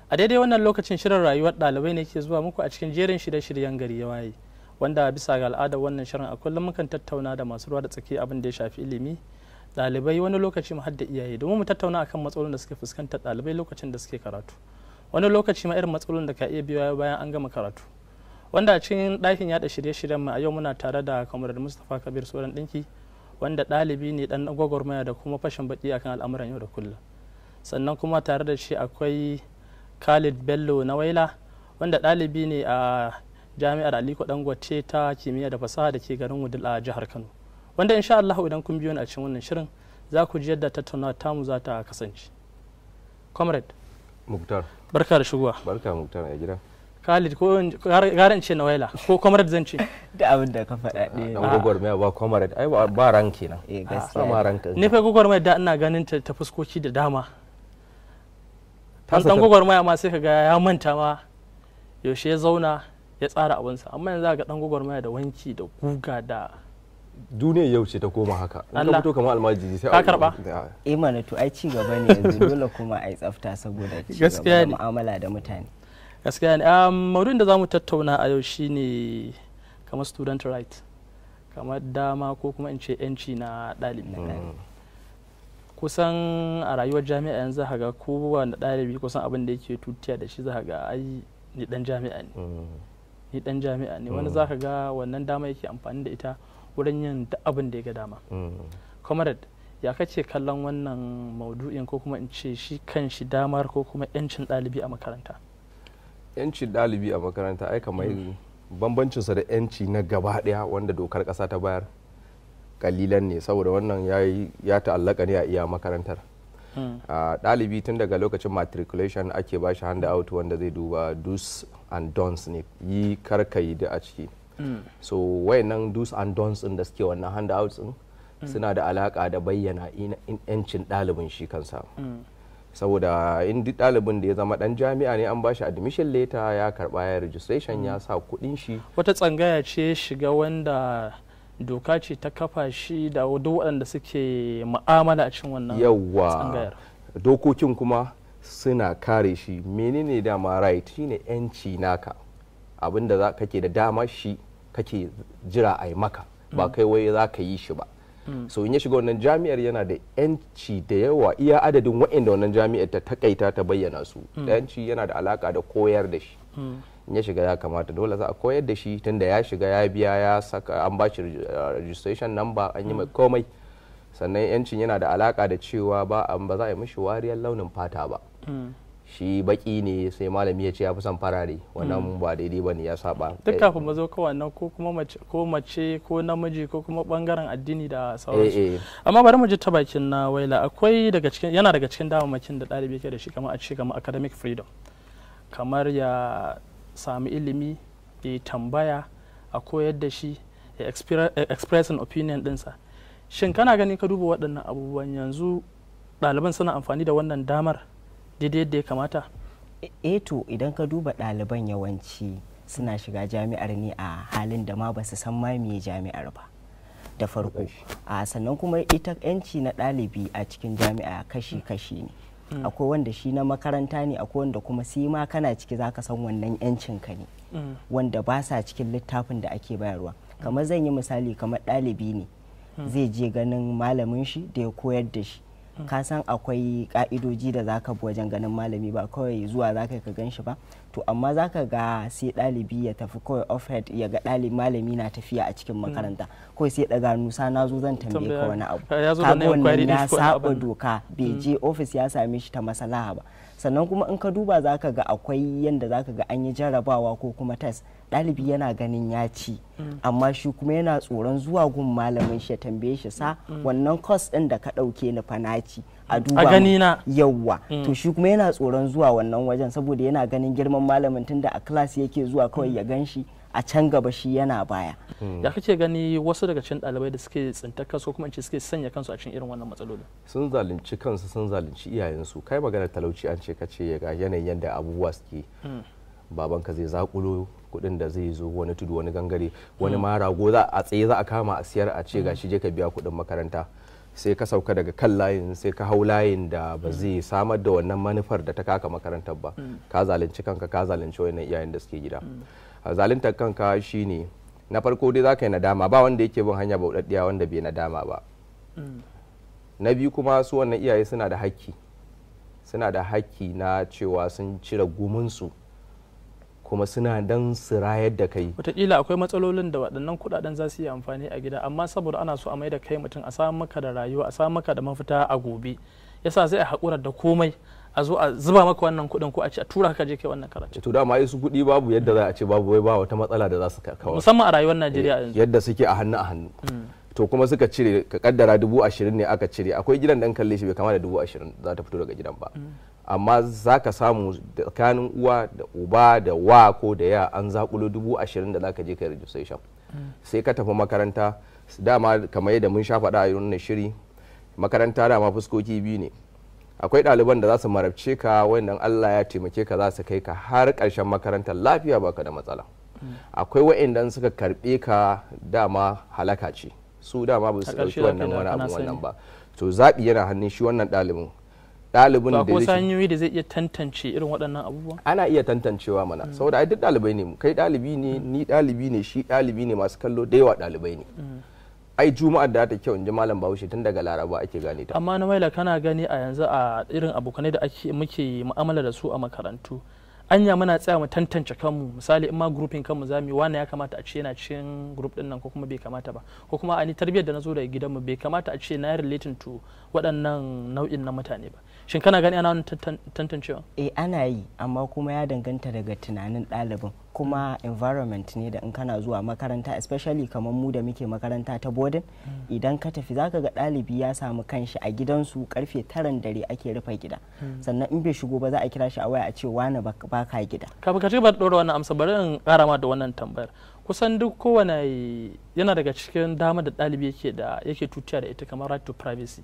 a daidai wannan lokacin shirin rayuwar ɗalibai ne ke zuwa muku a cikin jerin shirye-shiryen gari ya waye wanda bisa ga al'adar wannan shirin a kullum mukan tattauna da masu ruwa da tsaki abin da ya shafi ilimi dalibai wani lokaci mu hadda iyaye domin mu tattauna akan matsalolin da suke fuskantar dalibai lokacin da suke karatu wani lokaci ma irin matsalolin da ka iya biyo bayan an gama karatu wanda a cikin ɗakin yaɗa shirye-shiryen mai a yau muna tare da kamarar mustapha kabir tsoron ɗinki wanda ɗalibi ne ɗan gwagwarmaya da kuma fashin baki akan al'amuran yau da kullum sannan kuma tare da shi akwai khalid bello na waila wanda ɗalibi ne a jami'ar aliko dangote ta kimiyya da fasaha da ke garin wudil a jihar kano wanda insha Allah idan kun biyo ni a cikin wannan shirin za ku ji yadda tattaunawa tamu za ta kasance comrade muktar barka da shigowa barka muktar a gida Khalid ko garin ce na waila ko comrade zan ce <laughs> da abin da ka faɗa ɗaya dan mai ba comrade ai ba ran kenan eh gaskiya ba ran ne fa mai da ina ganin ta fuskoki da dama dan mai ma sai ka ga ya manta ma yaushe ya zauna ya tsara abinsa amma yanzu ga dan mai da wanki da guga da duniya yau ce ta koma haka in ka fito kamar almajiri sai ka karba eh to ai ci gaba ne yanzu <laughs> dole kuma ai tsafta saboda ci gaba mu'amala da mutane gaskiya ne um, Maudun da zamu tattauna a yau shine kamar student right kamar dama ko kuma in ce yanci na dalibi. Mm. kusan a rayuwar jami'a yanzu za ga na ɗalibi kusan abin da yake tutiya da shi za ga ai ni dan jami'a ne mm. ni dan jami'a ne wani mm. za ga wannan dama yake amfani da ita wurin yin duk abin da ya ga dama mm. comrade ya kace kallon wannan maudu'in ko kuma in ce shi kan shi damar ko kuma yancin ɗalibi a makaranta yancin ɗalibi a makaranta ai kamar mm. bambancinsa da yanci na gaba ɗaya wanda dokar ƙasa ta bayar kalilan ne saboda wannan ya ta'allaka ne a iya makarantar mm. ɗalibi tun daga lokacin matriculation ake ba shi hand out wanda zai duba do's and don'ts ne yi karkayi da a ciki so wayannan dus and don'ts din da suke wannan handouts din suna da alaka da bayyana yancin ɗalibin shi kansa saboda in duk ɗalibin da ya zama ɗan jami'a ne an bashi admission letter ya karɓa ya registration ya sa kuɗin shi wata tsangaya ce shiga wanda doka ce ta kafa shi da duk waɗanda suke mu'amala a cikin wannan tsangayar dokokin kuma suna kare shi menene dama right shine yanci naka abin da kake da dama shi kake jira a yi maka ba mm. kai wai za ka yi shi ba mm. so in ya shiga wannan jami'ar yana da yanci da yawa iya adadin wa'inda wannan jami'ar ta takaita ta bayyana su yanci mm. yana da alaka da koyar da shi in ya shiga ya kamata dole za a koyar da shi tun da ya shiga ya biya ya saka an bashi shi uh, registration number an yi mai komai sannan yancin yana da alaka da cewa ba ba za a yi mishi wariyar launin fata ba shi baki ne sai malami ya ce ya fi son farare wannan hmm. ba daidai ba ne ya saba duk eh. kafin mu zo kawai nan ko kuma mace ko mace ko namiji ko kuma bangaren addini da sauransu eh, eh. amma bari mu ji ta bakin na waila akwai daga cikin yana daga cikin damamakin da ɗalibi yake da shi kamar a ce kamar academic freedom kamar ya sami ilimi ya tambaya a koyar da shi ya express an opinion dinsa. shin kana gani ka duba waɗannan abubuwan yanzu ɗaliban suna amfani da wannan damar daidai yadda ya kamata eh to idan ka duba ɗaliban yawanci suna shiga jami'ar ne a halin da ma ba su san ma me jami'ar ba da farko a sannan kuma ita yanci na ɗalibi a cikin jami'a kashi-kashi ne mm. Mm. akwai wanda shi na makaranta ne akwai wanda kuma sai ma kana ciki zaka san wannan yancin ka ne mm. wanda ba sa cikin littafin da ake bayarwa kamar zan yi misali kamar ɗalibi ne zai je ganin malamin shi da ya koyar da shi Mm. ka san akwai ka'idoji da zaka bi wajen ganin malami ba kawai zuwa zaka ka ganshi ba to amma zaka ga sai ɗalibi ya tafi kawai offhead ya ga ɗalibi malami na tafiya a cikin mm. makaranta kawai sai ɗaga nusa na zo zan tambaye ka wani abu ka wani na saba doka bai mm. je ofis ya same shi ta masalaha ba sannan kuma in ka duba za ka ga akwai yadda za ka ga an yi jarrabawa ko kuma test ɗalibi yana ganin ya ci amma shi kuma yana tsoron zuwa gun malamin shi ya tambaye shi sa wannan kwas ɗin da ka ɗauke ni fanaci a duba yawwa mm. to shi kuma yana tsoron zuwa wannan wajen saboda yana ganin girman malamin tunda a class yake zuwa kawai ya gan shi a can gaba shi yana baya hmm. ya kake gani wasu daga cikin dalibai da suke tsintar kansu kuma ce suke sanya kansu a cikin irin wannan matsaloli. sun zalunci kansu sun zalunci iyayensu kai magana talauci an ce ka kace ga yanayin yadda abubuwa suke hmm. baban ka zai zakulo kuɗin da zai zo wani tudu wani gangare wani hmm. ma rago za a tsaye za a kama a siyar a ce gashi je ka biya kuɗin makaranta sai ka sauka daga kan layin sai ka hau layin da ba zai samar da wannan manufar da ta kaka makarantar ba ka zalunci kanka ka zalunci wannan iyayen da suke gida zaluntar kanka ne na farko dai zaka yi nadama ba wanda yake bin hanya bauɗaɗɗiya wanda bai nadama ba mm. na biyu kuma su wannan iyaye suna da haƙƙi suna da hakki na cewa sun cire guminsu kuma suna dan su rayar da kai wataƙila akwai matsalolin da waɗannan kuɗaɗen za su yi amfani a gida amma saboda ana so a mai da kai mutum a samu maka da rayuwa a samu maka da mafita a gobe yasa sai a haƙura da komai a zo a zuba maka wannan kuɗin ko a ce a tura ka je kai wannan karatu to dama su kuɗi babu yadda za a ce babu wai ba wata matsala da za su kawo musamman a rayuwar Najeriya yanzu yadda suke a hannu a hannu to kuma suka cire ka kaddara dubu ashirin ne aka cire akwai gidan da an kalle shi bai kama da dubu ashirin za ta fito daga gidan ba amma za ka samu tsakanin uwa da uba da wa ko da ya an zakulo dubu ashirin da za ka je ka registration sai ka tafi makaranta dama kamar yadda mun sha faɗa a yi shiri makaranta dama fuskoki biyu ne akwai ɗaliban da za su marabce ka wanda Allah ya taimake ka za su kai ka har ƙarshen makarantar lafiya baka da matsala akwai wa'inda suka karbe ka dama halaka ce su dama ba su ɗauki wannan wani abu wannan ba to zaɓi yana hannun shi wannan ɗalibin ɗalibin da ko sanyoyi da zai iya tantance irin waɗannan abubuwa. ana iya tantancewa mana saboda ai duk ɗalibai ne kai ɗalibi ne ni ɗalibi ne shi ɗalibi ne masu kallo da yawa ɗalibai ne mm. ai juma'ar da ta kyau in ji malam bahaushe tun daga laraba ake gane ta amma na maila kana gani a yanzu a irin abokanai da ake muke mu'amala da su a makarantu anya muna tsaya mu tantance kanmu misali in ma grupin kanmu zamu yi wani ya kamata a ce yana cikin group din nan ko kuma bai kamata ba ko kuma ani tarbiyyar da na zo daga gidanmu bai kamata a ce na relating to waɗannan nau'in na mutane ba shin kana gani ana tantancewa eh ana yi amma kuma ya danganta daga tunanin ɗalibin kuma environment ne da in kana zuwa makaranta especially kamar mu da muke makaranta ta boarding hmm. idan ka tafi zaka ga ɗalibi ya samu kanshi a gidansu karfe taran dare ake rufe gida hmm. sannan in bai shigo ba za a kira shi a waya a ce wani ba ka gida kafin ka ci gaba da wannan amsa bari in ƙara ma da wannan tambayar kusan duk kowane yana daga cikin dama da ɗalibi yake da yake tutiya da ita kamar right to privacy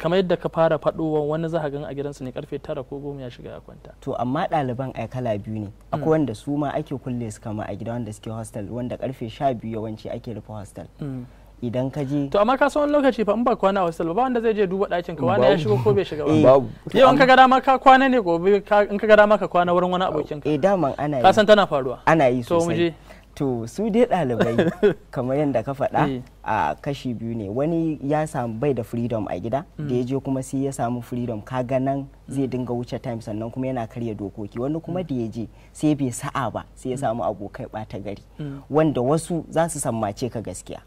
kamar yadda ka fara faɗowa wani za gan a gidansu ne karfe tara ko goma ya shiga ya kwanta to amma ɗaliban ai kala biyu ne akwai mm. wanda su ma ake kulle su kama a gida wanda suke hostel wanda karfe sha biyu yawanci ake rufe hostel mm. idan ka je to amma ka san wani lokaci fa in ba kwana a hostel ba wanda zai je duba ɗakin ka wani ya shigo ko bai shiga ba eh, yau in ka ga dama ka kwana ne gobe in ka ga dama ka kwana wurin wani abokin ka eh daman ana yi ka san tana faruwa ana yi sosai to su dai ɗalibai <laughs> kamar yadda ka faɗa eh. a kashi biyu ne wani ya samu bai da freedom a gida mm. da ya je kuma sai ya samu freedom ka nan zai mm. dinga wuce time sannan kuma yana karya dokoki wani kuma mm. da ya je sai bai sa'a ba sai ya samu abokai ɓata gari wanda wasu za su sammace ka gaskiya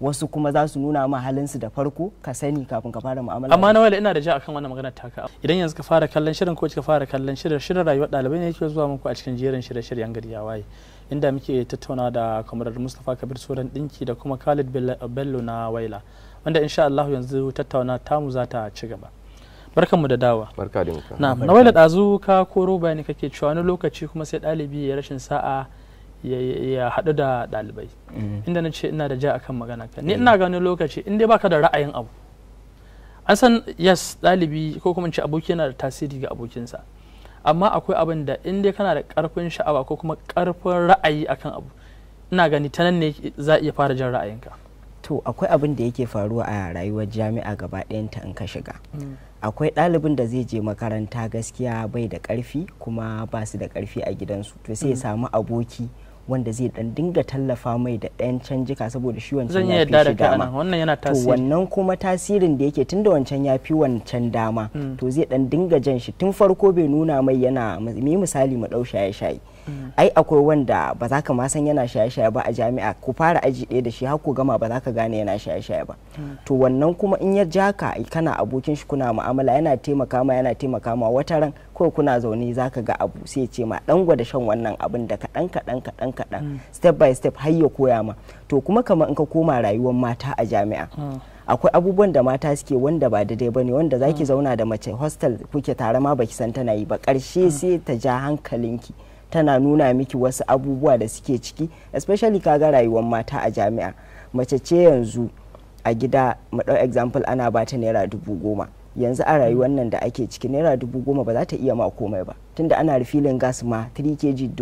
wasu kuma za su nuna ma halinsu da farko ka sani kafin ka fara mu'amala amma na nawala ina da ja akan wannan magana taka idan yanzu ka fara kallon shirin ko ka fara kallon shirin shirin rayuwar ɗalibai ne yake zuwa muku a cikin jerin shirye-shiryen gari ya waye inda muke tattauna da kamarar mustapha kabir tsoron dinki da kuma khalid bello na waila wanda insha allahu yanzu tattauna tamu za ta ci gaba barkanmu da dawa na na waila dazu ka koro bayani kake cewa wani lokaci kuma sai dalibi ya rashin sa'a ya haɗu da ɗalibai mm. inda na ce ina da ja akan magana ka ni mm. ina gani lokaci in dai baka da ra'ayin abu an san yes ɗalibi ko kuma ce aboki yana da tasiri ga abokinsa amma akwai abin da in dai kana da karfin sha'awa ko kuma karfin ra'ayi akan abu ina gani ta nan ne za iya fara jin ra'ayinka to akwai abin da yake faruwa a rayuwar jami'a gaba ɗayanta in ka shiga mm. akwai ɗalibin da zai je makaranta gaskiya bai da ƙarfi kuma ba su da ƙarfi a gidansu to sai ya mm. samu aboki wanda zai dan dinga tallafa mai da ɗayan canjika saboda shi wancan ya fi shi dama wannan yana tasiri to wannan kuma tasirin da yake tunda wancan ya fi wancan dama hmm. to zai dan dinga jan shi tun farko bai nuna mai yana misali mu dau shaye shaye Mm. ai akwai wanda ba za ka ma yana shaye-shaye ba a jami'a ku fara aji ɗaya da shi har ku gama ba za ka gane yana shaye-shaye ba mm. to wannan kuma in ya ja ka kana abokin shi kuna ma'amala yana taimaka ma yana taimaka ma wata ran ko kuna zaune za ka ga abu sai ce ma dan gwada shan wannan abin da kaɗan kaɗan kaɗan kaɗan mm. step by step har ya koya ma to kuma kamar in ka koma rayuwar mata a jami'a akwai abubuwan da mata suke wanda ba daidai ba ne wanda zaki zauna da mace hostel kuke tare ma baki san tana yi ba karshe sai ta ja hankalinki tana nuna miki wasu abubuwa da suke ciki especially kaga rayuwar mata a jami'a mace ce yanzu a gida mu example ana ba ta naira dubu goma yanzu a rayuwar nan da ake ciki naira dubu goma ba za ta iya ma komai ba tunda ana refilling gas ma 3 kg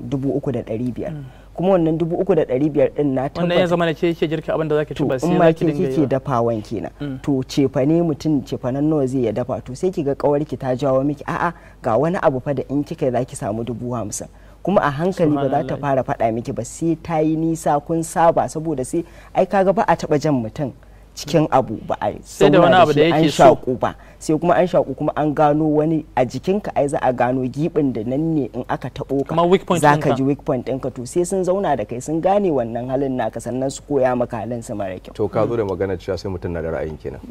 dubu uku da ɗari biyar kuma wannan dubu uku da ɗari biyar ɗin na tabbata wannan ya zama na ce ke girka abin da ka ci ba sai dinga yi to dafawan kenan mm. to cefane mutum cefanen nawa zai ya dafa to sai kiga kawarki ta jawo miki a'a ga wani abu fa da in kika ki samu dubu hamsin kuma a hankali ba za ta fara faɗa miki ba sai ta yi nisa kun saba saboda sai ai kaga ba a taɓa jan mutum cikin abu ba a sauna da shi an shaku ba sai kuma an shaku kuma an gano wani a jikinka ai za a gano gibin da nan ne in aka taɓo ka za ka ji weak point ɗinka to sai sun zauna da kai sun gane wannan halin naka sannan su koya maka halin su mara kyau to ka zo da magana cewa sai mutum na da ra'ayin kenan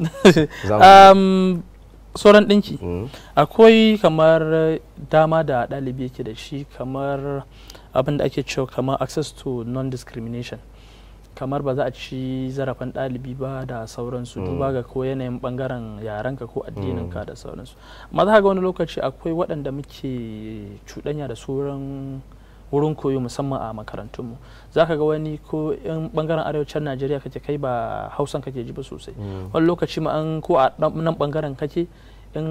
<laughs> um, sauran ɗinki mm. akwai kamar dama da ɗalibi yake da shi kamar abin da ake cewa kamar access to non-discrimination kamar ba za a ci zarafin ɗalibi ba da sauransu mm. duba ga ko yanayin bangaren yarenka ko addininka mm. da sauransu amma za ga wani lokaci akwai waɗanda muke cuɗanya da sauran wurin koyo musamman a makarantunmu za ka ga wani ko yan bangaren arewacin najeriya kake kai ba hausan kake ji ba sosai mm. wani lokaci ma an ko a nan bangaren kake in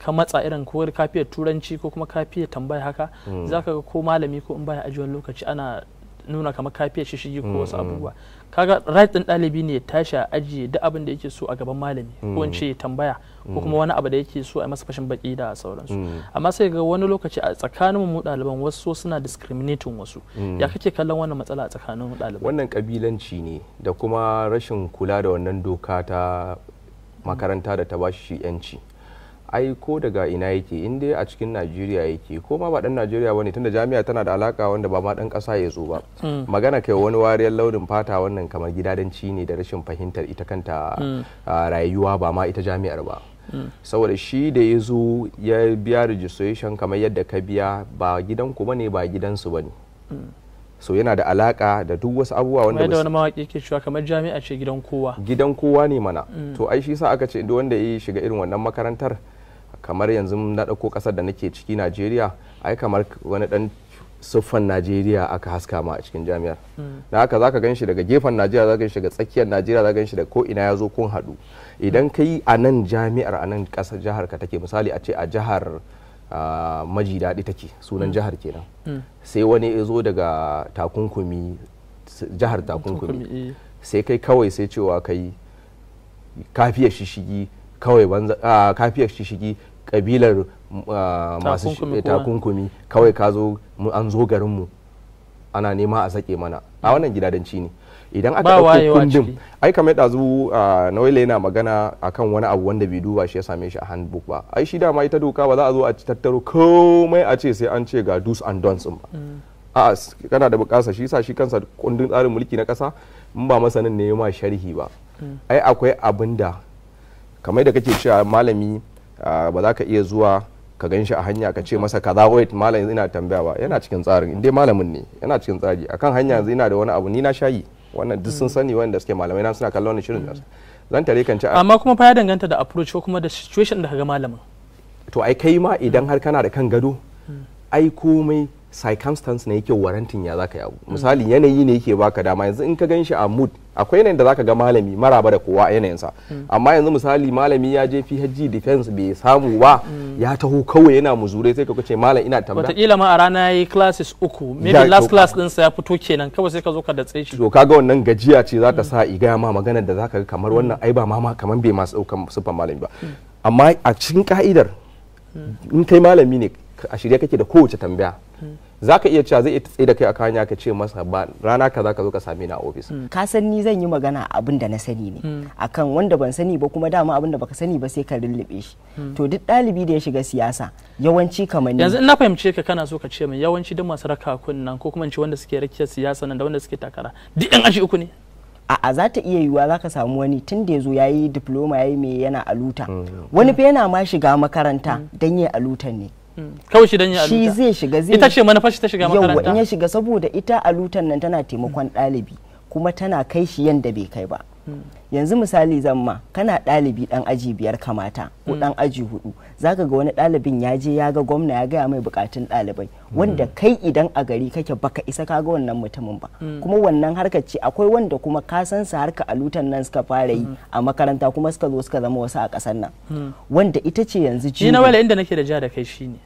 ka matsa irin ko kafiyar turanci ko kuma kafiyar tambaya haka za ka ga ko malami ko in baya ajiyar lokaci ana nuna kamar kafiya shishigi ko wasu abubuwa kaga right din ɗalibi ne ya tashi a ajiye duk abin da yake so a gaban malami ko mm. in ce tambaya ko kuma mm. wani abu da yake so a masa fashin baki da sauransu mm. amma sai ga wani lokaci a tsakanin mu ɗaliban wasu suna discriminating wasu ya kake kallon wannan matsala a tsakanin ɗaliban wannan kabilanci ne da kuma rashin kula da wannan doka ta makaranta da ta bashi yanci ai ko daga ina yake in dai a cikin najeriya yake ko ma ba dan najeriya bane tunda jami'a tana da alaka wanda ba ma dan kasa ya zo ba hmm. magana kai wani wariyar launin fata wannan kamar gidadanci ne da rashin fahimtar ita kanta hmm. rayuwa ba ma ita jami'ar ba hmm. saboda shi da ya zo ya biya registration kamar yadda ka biya ba gidan ku bane ba gidansu bane so yana da alaka da duk wasu abubuwa wanda da wani mawaƙi ke cewa kamar jami'a ce gidan kowa gidan kowa ne mana to ai shi sa aka ce duk wanda ya shiga irin wannan makarantar kamar yanzu na ɗauko ƙasar da nake ciki najeriya ai kamar wani ɗan siffan najeriya aka haska ma a cikin jami'ar Na hmm. haka zaka gan shi daga gefen najeriya ka gan shi daga tsakiyar najeriya ka gan shi daga ko'ina ya zo kun haɗu idan ka yi a nan jami'ar a nan ƙasar jihar ka take misali a ce a jihar maji daɗi take sunan hmm. jihar kenan hmm. sai wani ya zo daga takunkumi jihar takunkumi eh. sai kai kawai sai cewa kai kafiyar shishigi kawai banza kafiyar shishigi kabilar ah, masu takunkumi kawai ka zo an zo garinmu ana nema a sake mana a wannan gidadanci ne idan aka ɗauki kundin ai kamar yadda zu ah, nawaila yana magana akan wani abu wanda bai duba shi ya same shi a handbook ba ai shi dama ita doka ba za a zo a tattaro komai a ce sai an ce ga dus and dons ba mm. a kana da bukasa shi sa shi kansa kundin tsarin mulki na kasa in ba masanin ne ma sharhi ba mm. ai akwai abin kamar da kake cewa malami Ah, ba za ka iya zuwa ka gan shi a hanya ka ce masa kaza wait malam yanzu ina tambaya ba yana cikin tsarin inda malamin ne yana cikin tsari akan hanya yanzu ina da wani abu ni na shayi wannan duk sun sani wanda suke malamai na suna kallon shirin su zan tare kan ci amma kuma fa ya danganta da approach ko kuma da situation da kaga malamin to ai kai ma idan har kana da kan gado ai komai circumstance ne yake warantin ya zaka yabo misali yanayi ne yake baka dama yanzu in ka gan shi a mood akwai yanayin da zaka ga malami maraba da kowa yanayinsa amma yanzu misali malami ya je haji defense bai samu ba ya taho kawai yana muzure sai ka ce malam ina tambaya wataƙila ma a rana yayi classes uku maybe last class din sa ya fito kenan kawai sai ka zo ka da tsaye shi to kaga wannan gajiya ce za ta sa gaya ma magana da zaka ga kamar wannan ai ba mama kamar bai masu daukan sufan malami ba amma a cikin ka'idar in kai malami ne a shirye kake da kowace tambaya za ka iya cewa zai iya tsaye da kai a hanya ka ce masa ba rana ka za ka zo ka sami na a ofis. Mm, ka san ni zan yi magana abin da na sani ne mm. akan wanda ban sani ba kuma dama abin da baka sani ba sai ka lullube shi mm. to duk dalibi da ya shiga siyasa yawanci kamar ni yanzu ina fahimce ka kana so ka ce min yawanci duk masu raka kunnan ko kuma in ce wanda suke rakiyar siyasa nan da wanda suke takara duk yan aji uku ne a'a za ta iya yiwuwa za ka samu wani tun da ya zo ya yi diploma ya yi mai yana aluta wani fa yana ma shiga makaranta don yi alutan ne kawai shi dan ya aluta shi zai shiga zai ita ce manufar ta shiga makaranta yawa in ya shiga saboda ita alutan nan tana taimakon dalibi kuma tana kai shi yanda bai kai ba yanzu misali zan ma kana ɗalibi dan aji biyar kamata ko mm. ɗan aji hudu zaka ga wani ɗalibin ya je ya ga gwamna ya gaya mai bukatun ɗalibai mm. wanda kai idan a gari kake baka isa ka ga wannan mutumin ba mm. kuma wannan harkar ce akwai wanda kuma ka san sa harka alutan nan suka fara yi a makaranta kuma suka zo suka zama wasu a ƙasar nan wanda ita ce yanzu ji na wala inda nake da ja da kai shine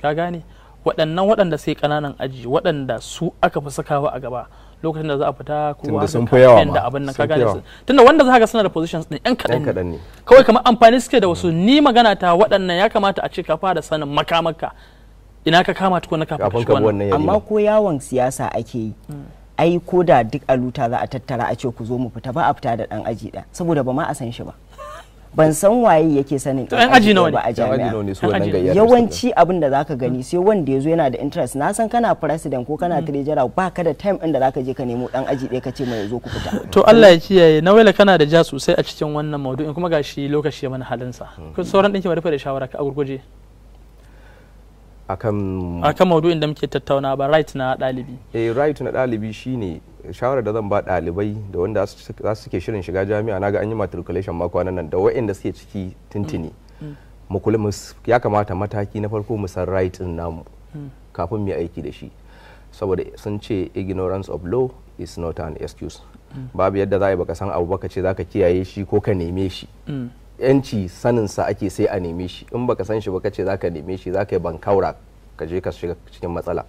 ka gane waɗannan waɗanda sai ƙananan aji waɗanda su aka fi sakawa a gaba lokacin da za a fita kowa sun fi yawa ma abin nan ka gane su tunda wanda za ka suna da positions din yan kadan ne kawai kamar amfani suke da wasu mm. ni magana ta waɗannan ya kamata a ce ka fara sanin makamaka ina ka kama na kafin ka wannan amma ko yawon siyasa ake yi mm. ai ko da duk aluta za a tattara a ce ku zo mu fita ba a fita da dan aji da saboda ba ma a san shi ba ban san waye yake sanin an aji nawa ne a jami'a yawanci abin da zaka gani sai wanda yazo yana da interest na san kana president ko kana mm. treasurer baka da time inda zaka je ka nemo dan aji dai ka ce mai yazo ku fita to Allah ya kiyaye na waila kana da ja sosai a cikin wannan maudu'in kuma gashi lokaci ya mana halin sa mm. ko sauran dinki bari fa da shawara ka a gurguje akan akan maudu'in da muke tattauna ba right na dalibi. eh right na dalibi shine shawarar da zan ba ɗalibai da wanda za su ke shirin shiga jami'a na ga an yi matriculation ma kwanan nan da waɗanda suke ciki tintini mm. mm. ya kamata mataki na farko mu san right din namu mm. kafin mu aiki da shi saboda sun ce ignorance of law is not an excuse babu yadda za a yi baka san abu baka ce zaka kiyaye shi ko ka neme shi yanci saninsa ake sai a neme shi in baka san shi baka ce zaka neme shi zaka yi bankaura ka je ka shiga cikin matsala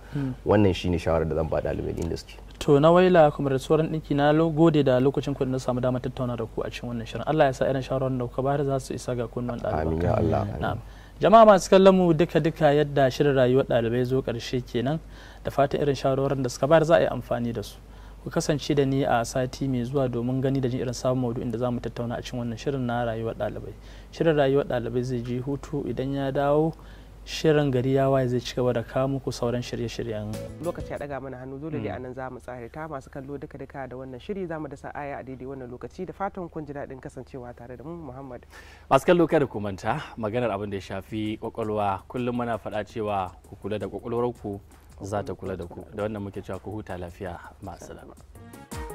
wannan shine shawarar da zan ba ɗalibai industry to na waila kuma da sauran ɗinki na gode da lokacin ku na samu damar tattauna da ku a cikin wannan shirin Allah ya sa irin shawarar da ku bayar za su isa ga kunnuwan ɗalibai amin ya Allah jama'a masu kallon mu duka duka yadda shirin rayuwar dalibai zo ƙarshe kenan da fatan irin shawarwar da suka bayar za a yi amfani da su ku kasance da ni a sati mai zuwa domin gani da jin irin samun maudu'in da za mu tattauna a cikin wannan shirin na rayuwar ɗalibai shirin rayuwar dalibai zai je hutu idan ya dawo shirin gari ya waye zai ci gaba da kawo muku sauran shirye-shiryen lokaci ya daga mana hannu dole hmm. a anan za mu ta masu kallo duka duka da wannan shiri za mu dasa aya a daidai wannan lokaci da fatan kun ji daɗin kasancewa tare da mu muhammad masu kallo kada ku manta maganar abin da ya shafi kwakwalwa kullum muna faɗa cewa ku kula da ku za ta kula da ku da wannan muke cewa ku huta lafiya masu